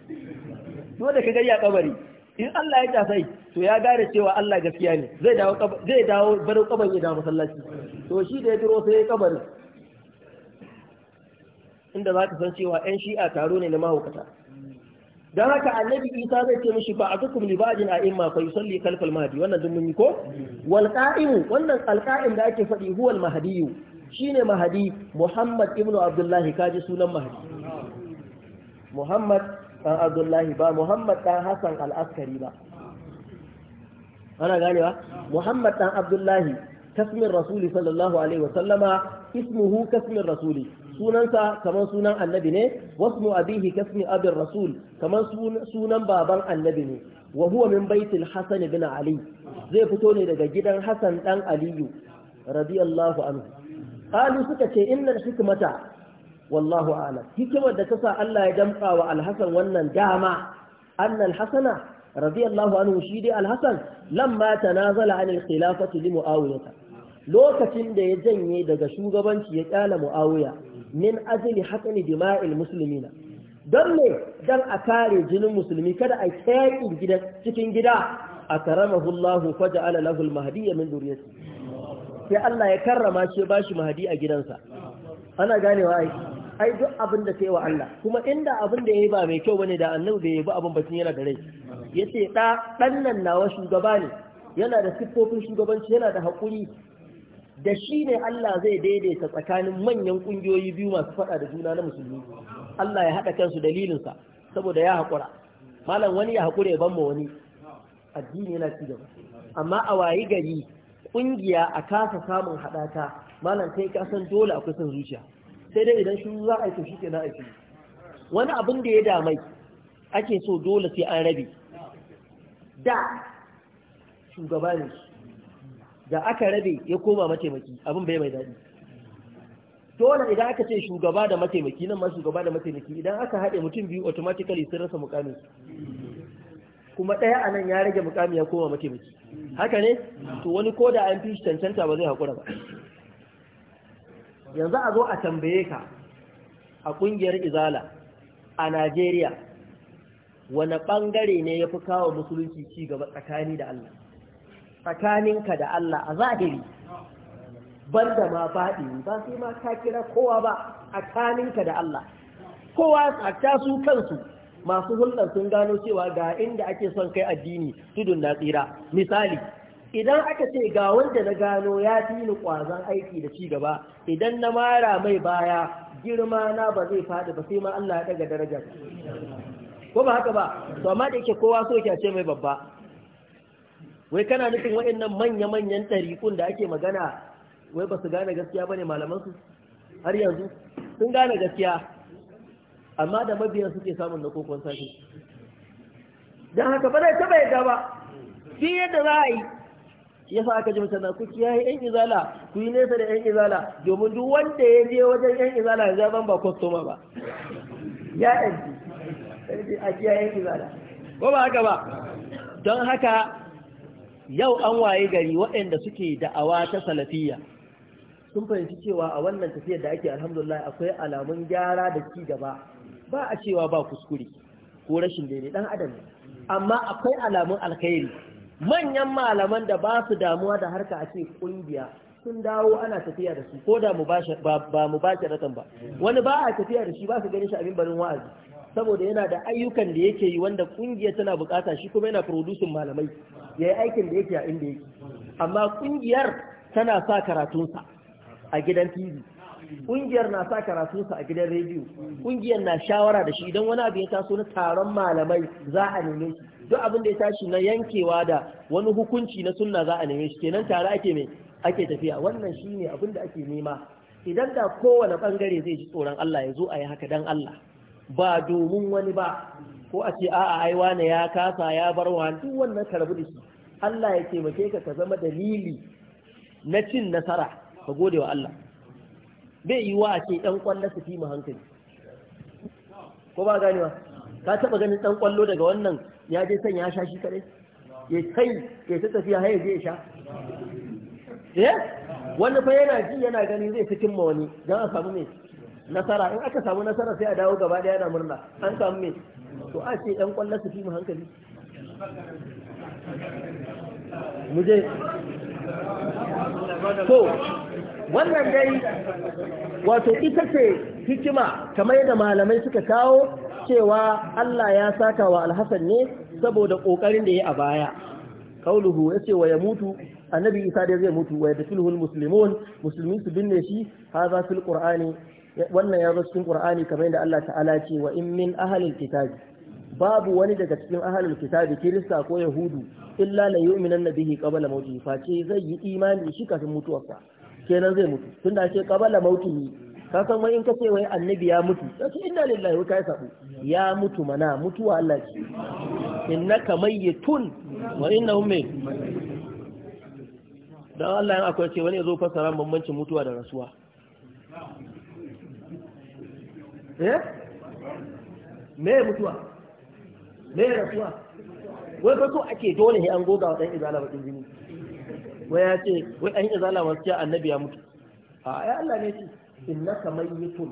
to da kaga ya kabari in Allah ya tasai to ya gare cewa Allah gaskiya ne zai dawo zai dawo bar kabarin ya dawo masallaci to shi da ya duro sai ya kabari inda za ka san cewa 'yan shi'a taro ne na mahaukata don haka annabi isa zai ce mishi ba a zukum li ba'din a imma fa yusalli kalfal mahdi wannan dun mun yi ko wal qa'im wannan alqa'im da ake faɗi huwal mahdi shine mahdi muhammad ibnu abdullahi kaji sunan mahdi muhammad dan abdullahi ba muhammad dan hasan al-askari ba ana ganewa muhammad dan abdullahi kasmin rasuli sallallahu alaihi wa sallama ismuhu kasmin rasuli sunansa kamar sunan annabi ne wasu abihi kasmi abin rasul kamar sunan baban annabi ne wa huwa min baitul hasan ibn ali zai fito ne daga gidan hasan dan aliyu radiyallahu anhu qalu suka ce inna hikmata wallahu hikimar da ta sa Allah ya damƙa wa wannan dama annal hasana radiyallahu anhu shi dai alhasan hasan lamma tanazala anil khilafati li muawiyah lokacin da ya janye daga shugabanci ya kyala mu'awiya min ajli ni dima'il muslimina don me dan a kare jinin musulmi kada a yaƙi gida cikin gida a karamahu Allah fa ja'ala lahu al ya min dhurriyyati sai Allah ya karrama shi ba shi mahdi a gidansa ana ganewa ai ai duk abin da kai wa Allah kuma inda abin da yayi ba mai kyau bane da annabi bai ba abin batun yana da rai yace da dan nan nawa shugaba ne yana da siffofin shugabanci yana da hakuri da shi ne Allah zai daidaita tsakanin manyan ƙungiyoyi biyu masu faɗa da juna na musulmi Allah ya haɗa kansu dalilinsa saboda ya haƙura malam wani ya haƙura ya banma wani addini yana ci gaba amma a wayi gari ƙungiya a kasa samun haɗata malam kai ka san dole akwai son zuciya sai dai idan shi za a yi shi kenan aiki wani abin da ya damai ake so dole sai an rabe da shugaba ne da aka rabe ya koma mataimaki abin bai mai daɗi dole idan aka ce shugaba da mataimaki nan ma shugaba da mataimaki idan aka haɗe mutum biyu automatically sun rasa mukami kuma ɗaya a nan ya rage mukami ya koma mataimaki haka ne to wani ko da an fi cancanta ba zai haƙura ba yanzu a zo a tambaye ka a ƙungiyar izala a najeriya wane ɓangare ne ya fi kawo musulunci ci gaba tsakani da allah tsakaninka da Allah a zahiri banda ma faɗi ba sai ma ka kira kowa ba tsakaninka da Allah kowa a su kansu masu hulɗar sun gano cewa ga inda ake son kai addini tudun na tsira misali idan aka ce ga wanda na gano ya fi ni ƙwazon aiki da cigaba idan na mara mai baya girma na ba zai faɗi ba sai ma Allah ya daga darajar ko ba haka ba to amma da yake kowa so yake ce mai babba wai kana nufin waɗannan manya-manyan ɗariƙun da ake magana wai ba su gane gaskiya ba ne malamansu har yanzu sun gane gaskiya amma da mabiyan suke samun na kokon sashi don haka ba zai taɓa yadda ba fi yadda za a yi ya sa aka ji mutane ku kiyaye yan izala ku yi nesa da yan izala domin duk wanda ya je wajen yan izala ya ban ba kwastoma ba ya yanzu a kiyaye yan izala ko ba haka ba don haka yau an waye gari waɗanda suke da'awa ta salafiyya sun fahimci cewa a wannan tafiyar da ake alhamdulillah akwai alamun gyara da ci gaba ba a cewa ba kuskure ko rashin daidai dan adam amma akwai alamun alkhairi manyan malaman da ba su damuwa da harka a ce kungiya sun dawo ana tafiya da su ko da ba mu ba ba wani ba a tafiya da shi ba su ganin shi abin barin wa'azi saboda yana da ayyukan da yake yi wanda kungiya tana bukata shi kuma yana producing malamai ya yi aikin da yake a inda yake amma kungiyar tana sa karatunsa a gidan tv kungiyar na sa karatunsa a gidan rediyo kungiyar na shawara da shi idan wani abu ya taso na taron malamai za a neme shi duk abin da ya tashi na yankewa da wani hukunci na sunna za a neme shi kenan tare ake mai ake tafiya wannan ne abin da ake nema idan da kowane bangare zai ji tsoron Allah ya zo a yi haka dan Allah ba domin wani ba ko a ce a'a ai wani ya kasa ya bar wa duk wannan karbu da shi Allah ya taimake ka ka zama dalili na cin nasara ka gode wa Allah bai yi wa a ce ɗan ƙwallo su fi mu hankali ko ba ganewa ka taɓa ganin ɗan ƙwallo daga wannan ya je san ya sha shi kaɗai ya kai ya ta tafiya har ya je ya sha eh wani fa yana ji yana gani zai fitin ma wani don a samu mai nasara in aka samu nasara sai a dawo gaba daya na murna an samu me to a ce yan kwallon su fi mu hankali mu to wannan dai wato ita ce hikima kamar yadda malamai suka kawo cewa Allah ya saka wa alhassan ne saboda kokarin da ya a baya kauluhu yace wa ya mutu annabi isa dai zai mutu wa yadkhuluhu almuslimun musulmi su binne shi haza fil qur'ani wannan ya zo cikin qur'ani kamar yadda Allah ta'ala ce wa in min ahlil kitabi babu wani daga cikin ahlul kitabi kirista ko yahudu illa la yu'minu nabihi qabla mauti. face zai yi imani shi kafin mutuwarsa kenan zai mutu tunda ce qabla ne. ka san wai in ka ce wai annabi ya mutu sai inna lillahi wa inna ya mutu mana mutuwa Allah ce innaka mayyitun wa innahum mayyitun dan Allah in akwai ce wani ya zo fassara bambancin mutuwa da rasuwa eh me mutuwa me rasuwa wai fa so ake dole ne an goga wa dan izala bakin jini wai ya ce wai an izala wasu annabi ya mutu a ai Allah ne ce innaka mayyitun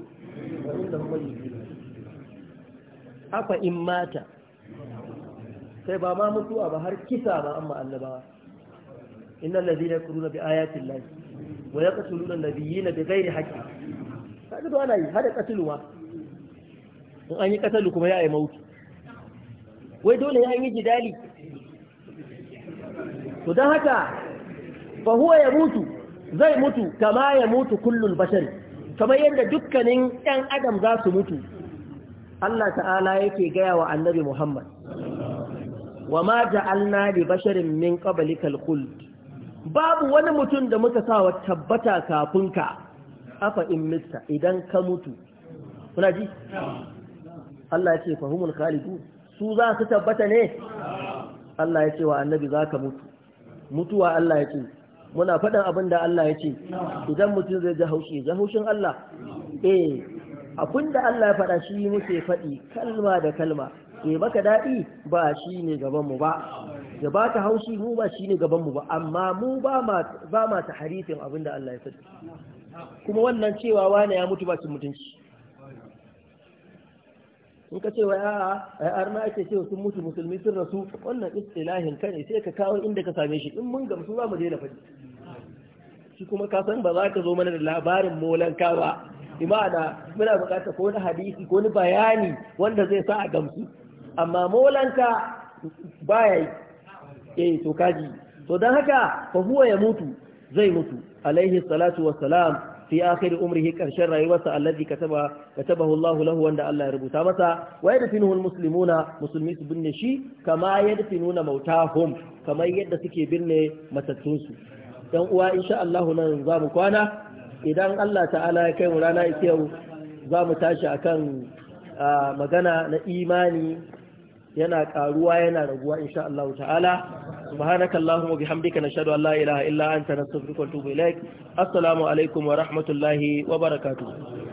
wa innahum mayyitun afa in mata sai ba ma mutuwa ba har kisa ba amma annabawa innal ladina yakuruna bi ayati llahi wa yaqtuluna nabiyina bi ghairi haqqin kaga to ana yi hada qatluwa in an yi kasalu kuma ya yi mawuki wai dole ya yi jidali to don haka fahuwa ya mutu zai mutu kama ya mutu kullum bashari kamar yadda dukkanin 'yan adam za su mutu Allah ta'ala yake gaya wa annabi Muhammad wa ma ja'alna li basharin min qablikal khuld babu wani mutum da muka sa wa tabbata kafin afa in mista idan ka mutu kuna ji Allah ya ce fahimul khalidu su za su tabbata ne Allah ya ce wa annabi za ka mutu mutuwa Allah ya ce muna faɗin abin da Allah ya ce idan mutum zai ji haushi ji haushin Allah eh abin da Allah ya faɗa shi muke faɗi kalma da kalma ke maka daɗi ba shi ne gaban mu ba ya baka haushi mu ba shi ne gaban mu ba amma mu ba ma ta harifin abin da Allah ya faɗi kuma wannan cewa wane ya mutu ba cin mutunci in ka ce wa a'a ai arna ake ce sun mutu musulmi sun rasu wannan istilahin kane sai ka kawo inda ka same shi in mun gamsu za mu je faɗi shi kuma ka san ba za ka zo mana da labarin molanka ba imana muna buƙatar ko wani hadisi ko wani bayani wanda zai sa a gamsu amma molanka baya yi eh to kaji to dan haka fa huwa ya mutu zai mutu alaihi salatu wassalam fi akhir umrihi karshen rayuwarsa allazi kataba katabahu Allah lahu wanda Allah ya rubuta masa wa yadfinuhu almuslimuna musulmi su binne shi kama yadfinuna mautahum kamar yadda suke binne matattun su dan uwa insha Allah nan za mu kwana idan Allah ta'ala ya kai mu rana yau za mu tashi akan magana na imani yana karuwa yana raguwa insha Allah ta'ala subhanaka allahumma bihamdika nashhadu an la ilaha illa anta nastaghfiruka wa natubu ilaik assalamu alaikum wa rahmatullahi wa barakatuh